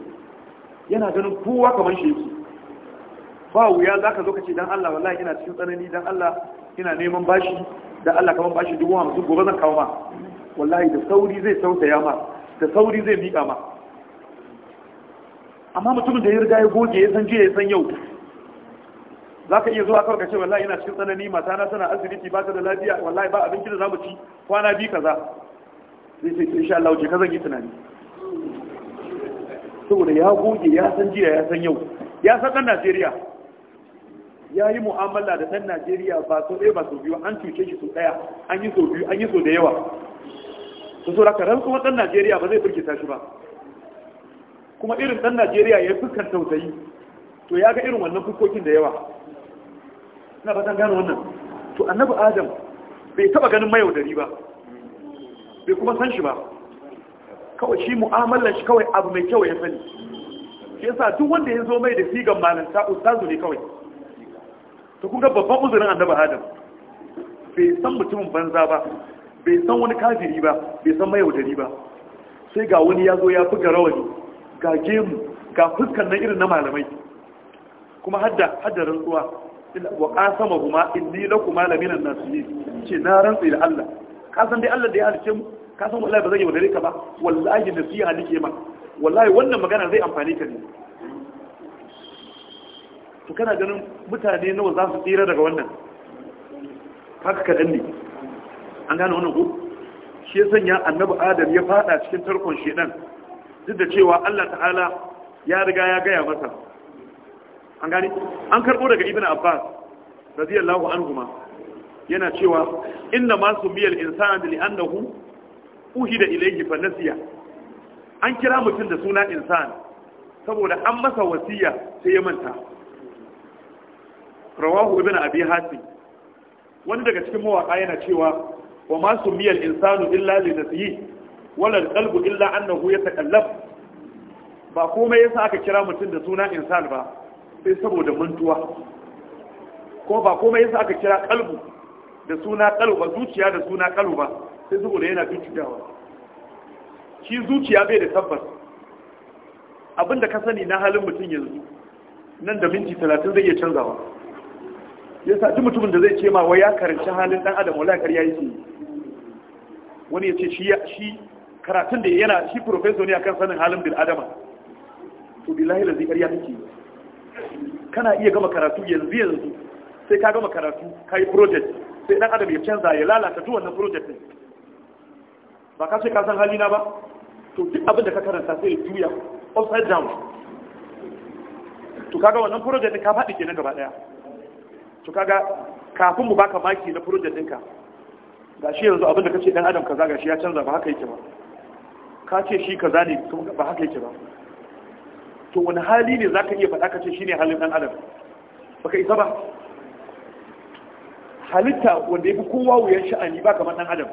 yana ganin kowa kamar shi yake ba wuya za ka zo ka ce don Allah wallahi ina cikin tsanani don Allah ina neman bashi don Allah kaman bashi dubu hamsin gobe zan kawo ma wallahi da sauri zai tausaya ma da sauri zai miƙa ma amma mutumin da ya riga ya goge ya san jiya ya san yau za ka iya zuwa kawai ka ce wallahi ina cikin tsanani mata na tana asibiti ba ta da lafiya wallahi ba abinci da zamu ci kwana biyu kaza zai ce insha Allah je ka zan yi tunani saboda ya goge ya san jiya ya san yau ya san dan Najeriya ya yi mu'amala da ɗan najeriya ba so ɗaya ba sau biyu an cuce shi sau ɗaya an yi sau biyu an yi sau da yawa su so da karan kuma ɗan najeriya ba zai firgita shi ba kuma irin ɗan najeriya ya yi fuskan tausayi to ya ga irin wannan fuskokin da yawa ina fatan gano wannan to annabi adam bai taɓa ganin mayaudari ba bai kuma san shi ba kawai shi mu'amalar shi kawai abu mai kyau ya sani shi yasa duk wanda ya zo mai da sigan malanta ustazu ne kawai to kun ga babban uzurin annabi adam bai san mutumin banza ba bai san wani kafiri ba bai san mayaudari ba sai ga wani ya zo ya fi ne ga gemu ga fuskan na irin na malamai kuma hadda hadda rantsuwa wa qasama huma inni lakum malaminan nasihin ce na rantsi da Allah ka san dai Allah da ya halice mu ka san wallahi ba zan yi wadare ka ba wallahi nasiha nake ma wallahi wannan magana zai amfane ka ne to kana ganin mutane nawa za su tsira daga wannan haka kaɗan ne an gane wannan ko shi ya sanya annabi adam ya fada cikin tarkon shedan duk da cewa Allah ta'ala ya riga ya gaya masa an gane an karbo daga ibnu abbas radiyallahu anhu ma yana cewa inna ma insan da li'annahu uhida ilayhi fa nasiya an kira mutum da suna insan saboda an masa wasiya sai ya manta rawahu ibn abi hatim wani daga cikin mawaka yana cewa wa ma sumiyal insanu illa li nasihi wala qalbu illa annahu yatakallaf ba komai yasa aka kira mutum da suna insan ba sai saboda mantuwa ko ba komai yasa aka kira qalbu da suna qalbu ba zuciya da suna qalbu ba sai saboda yana bincikawa shi zuciya bai da tabbas abinda ka sani na halin mutum yanzu nan da minti 30 zai iya canzawa ya sa duk mutumin da zai ce ma wai ya karanci halin dan adam wala kar yayi yake wani ya ce shi shi karatun da yana shi professor ne akan sanin halin bil adama to billahi lazi kariya kake kana iya gama karatu yanzu yanzu sai ka gama karatu ka yi project sai dan adam ya canza ya lalata duk wannan project din ba ka ce ka san halina ba to duk abin da ka karanta sai ya juya upside down to kaga wannan project ka faɗi kenan gaba daya to kaga kafin mu baka maki na project ɗinka ga shi yanzu abinda kace dan adam kaza ga shi ya canza ba haka yake ba ka ce shi kaza ne ba haka yake ba to wani hali ne zaka iya faɗa kace shine halin dan adam baka isa ba halitta wanda ya fi kowa wuyan sha'ani ba kamar dan adam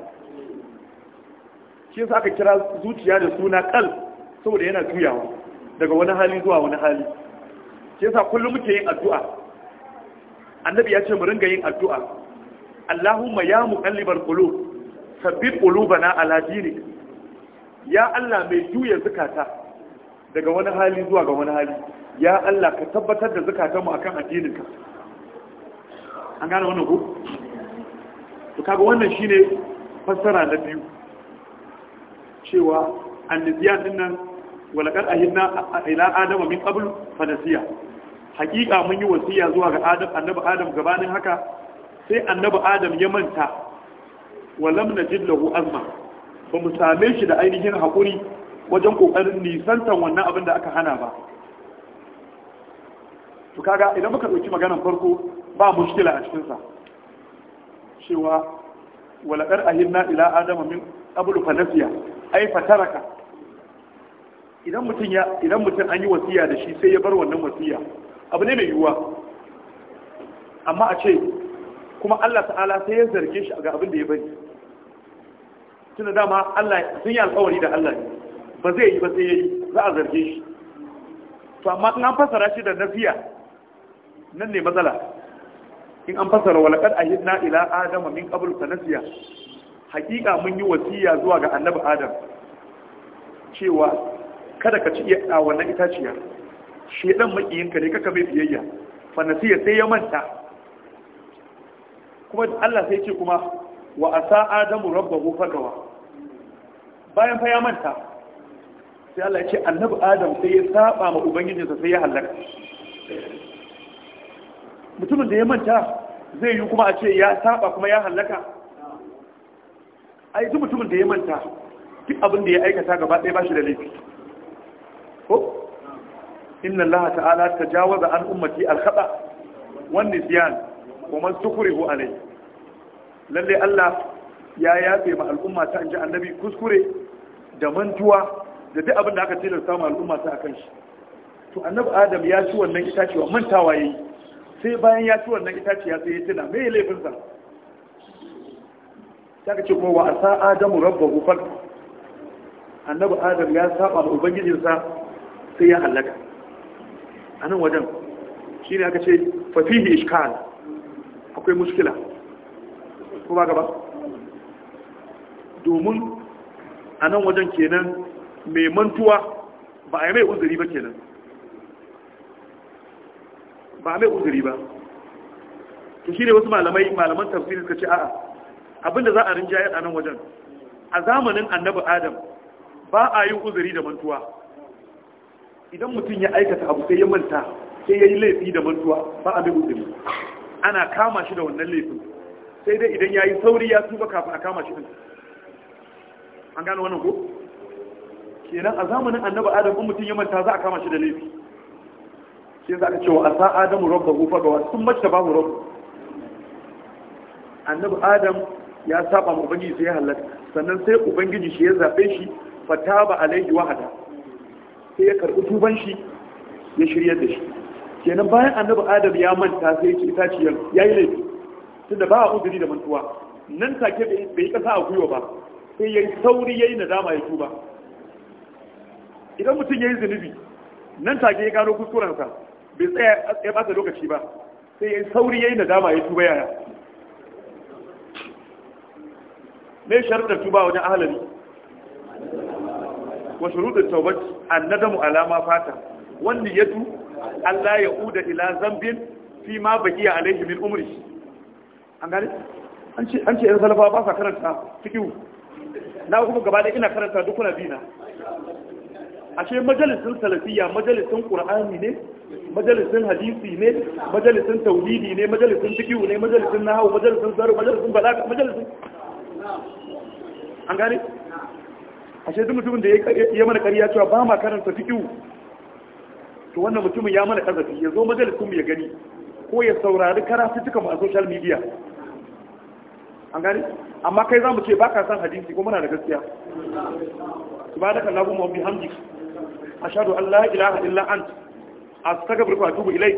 shi yasa aka kira zuciya da suna kal saboda yana juyawa daga wani hali zuwa wani hali shi yasa kullum muke yin addu'a annabi ya ce mu ringa yin addu'a Allahumma ya muqallibal qulub sabbit qulubana ala dinik ya Allah mai juya zakata daga wani hali zuwa ga wani hali ya Allah ka tabbatar da zakatan mu akan addininka an gane wannan ko to kaga wannan shine fassara na biyu cewa annabiya dinnan walaqad ahidna ila adama min qabl fa nasiya hakika mun yi wasiya zuwa ga adam annabi adam gabanin haka sai annabi adam ya manta walam najid lahu azma ba mu same shi da ainihin hakuri wajen kokarin nisantan wannan abin da aka hana ba to kaga idan muka dauki maganar farko ba mushkila a cikin sa cewa walaqad ahinna ila adama min qablu fanasiya ay fataraka idan mutun ya idan mutum an yi wasiya da shi sai ya bar wannan wasiya abu ne mai yiwuwa amma a ce kuma Allah ta'ala sai ya zarge shi ga abin da ya bari tunda dama Allah sun yi alkawari da Allah ne ba zai yi ba sai yi za a zarge shi to amma in an fasara shi da nafiya nan ne matsala in an fasara walaqad ahidna ila adam min qabl tanasiya nasiya hakika mun yi wasiya zuwa ga annabi adam cewa kada ka ci iya wannan itaciya. shedan makiyinka ne kaka bai biyayya fa nasiya sai ya manta kuma Allah sai ce kuma wa asa adamu rabbahu fagawa bayan fa ya manta sai Allah ya ce annabi adam sai ya saba ma ubangijinsa sai ya halaka mutumin da ya manta zai yi kuma a ce ya saba kuma ya halaka ai duk mutumin da ya manta duk abin da ya aikata gaba ɗaya ba shi da laifi ko inna Allah ta'ala tajawaza an ummati al-khata wan nisyan wa man tukrihu alai lalle Allah ya yafe ma al'umma ta inji annabi kuskure da mantuwa da duk abin da aka tilasta ma al'umma ta akan shi to annabi Adam ya ci wannan itaciwa mantawa yayi sai bayan ya ci wannan itaciya sai ya tuna me ya laifin sa ta ce ko wa asa adamu rabbahu fal annabi adam ya saba ma ubangijinsa sai ya halaka a nan wajen shi ne aka ce fafihi iskal akwai muskila ko ba gaba domin a nan wajen kenan mai mantuwa ba a yi mai uzuri ba kenan ba a mai uzuri ba to shi ne wasu malamai malaman tafsiri suka ce a'a abinda za a rinjayar a nan wajen a zamanin annabi adam ba a yi uzuri da mantuwa idan mutum ya aikata abu sai ya manta sai ya yi laifi da mantuwa ba a mai uzuri ana kama shi da wannan laifin sai dai idan ya yi sauri ya tuba kafin a kama shi din an gane wannan ko kenan a zamanin annaba adam in mutum ya manta za a kama shi da laifi sai za ka ce wa asa adamu rabbahu fa gawa sun mace babu rabba annabi adam ya saba ma ubangiji sai ya halatta sannan sai ubangiji shi ya zabe shi fataba alaihi wahada sai ya karɓi tuban shi ya shirya da shi kenan bayan annabi adam ya manta sai ce itaciyar ya yi laifi tunda ba a uzuri da mantuwa nan take bai yi ƙasa a gwiwa ba sai ya yi sauri ya yi nadama ya tuba idan mutum ya yi zunubi nan take ya gano kuskurensa bai tsaya ya ɓata lokaci ba sai ya yi sauri ya yi nadama ya tuba yaya me sharadar tuba wajen ahalari wa shuruɗin taubati annadamu alama fata wani yadu Allah ya uda ila zambin fi ma baki a alaihi min umri an gani an ce yan salafa ba sa karanta fikihu na kuma gaba da ina karanta dukuna bina ashe majalisun salafiya, majalisun qur'ani ne majalisun hadisi ne majalisun tauhidi ne majalisun fiqh ne majalisun nahawu majalisun sarf majalisun balaga majalisun an gane ashe duk mutumin da ya mana ƙarya cewa ba ma karanta fiƙiu to wannan mutumin ya mana kazafi ya zo majalisun ya gani ko ya saurari karatuttukan mu a social media an gani amma kai za mu ce baka san hadisi ko muna da gaskiya subhanaka allahumma wa hamdi ashhadu an la ilaha illa anta astaghfiruka a tubu ilai.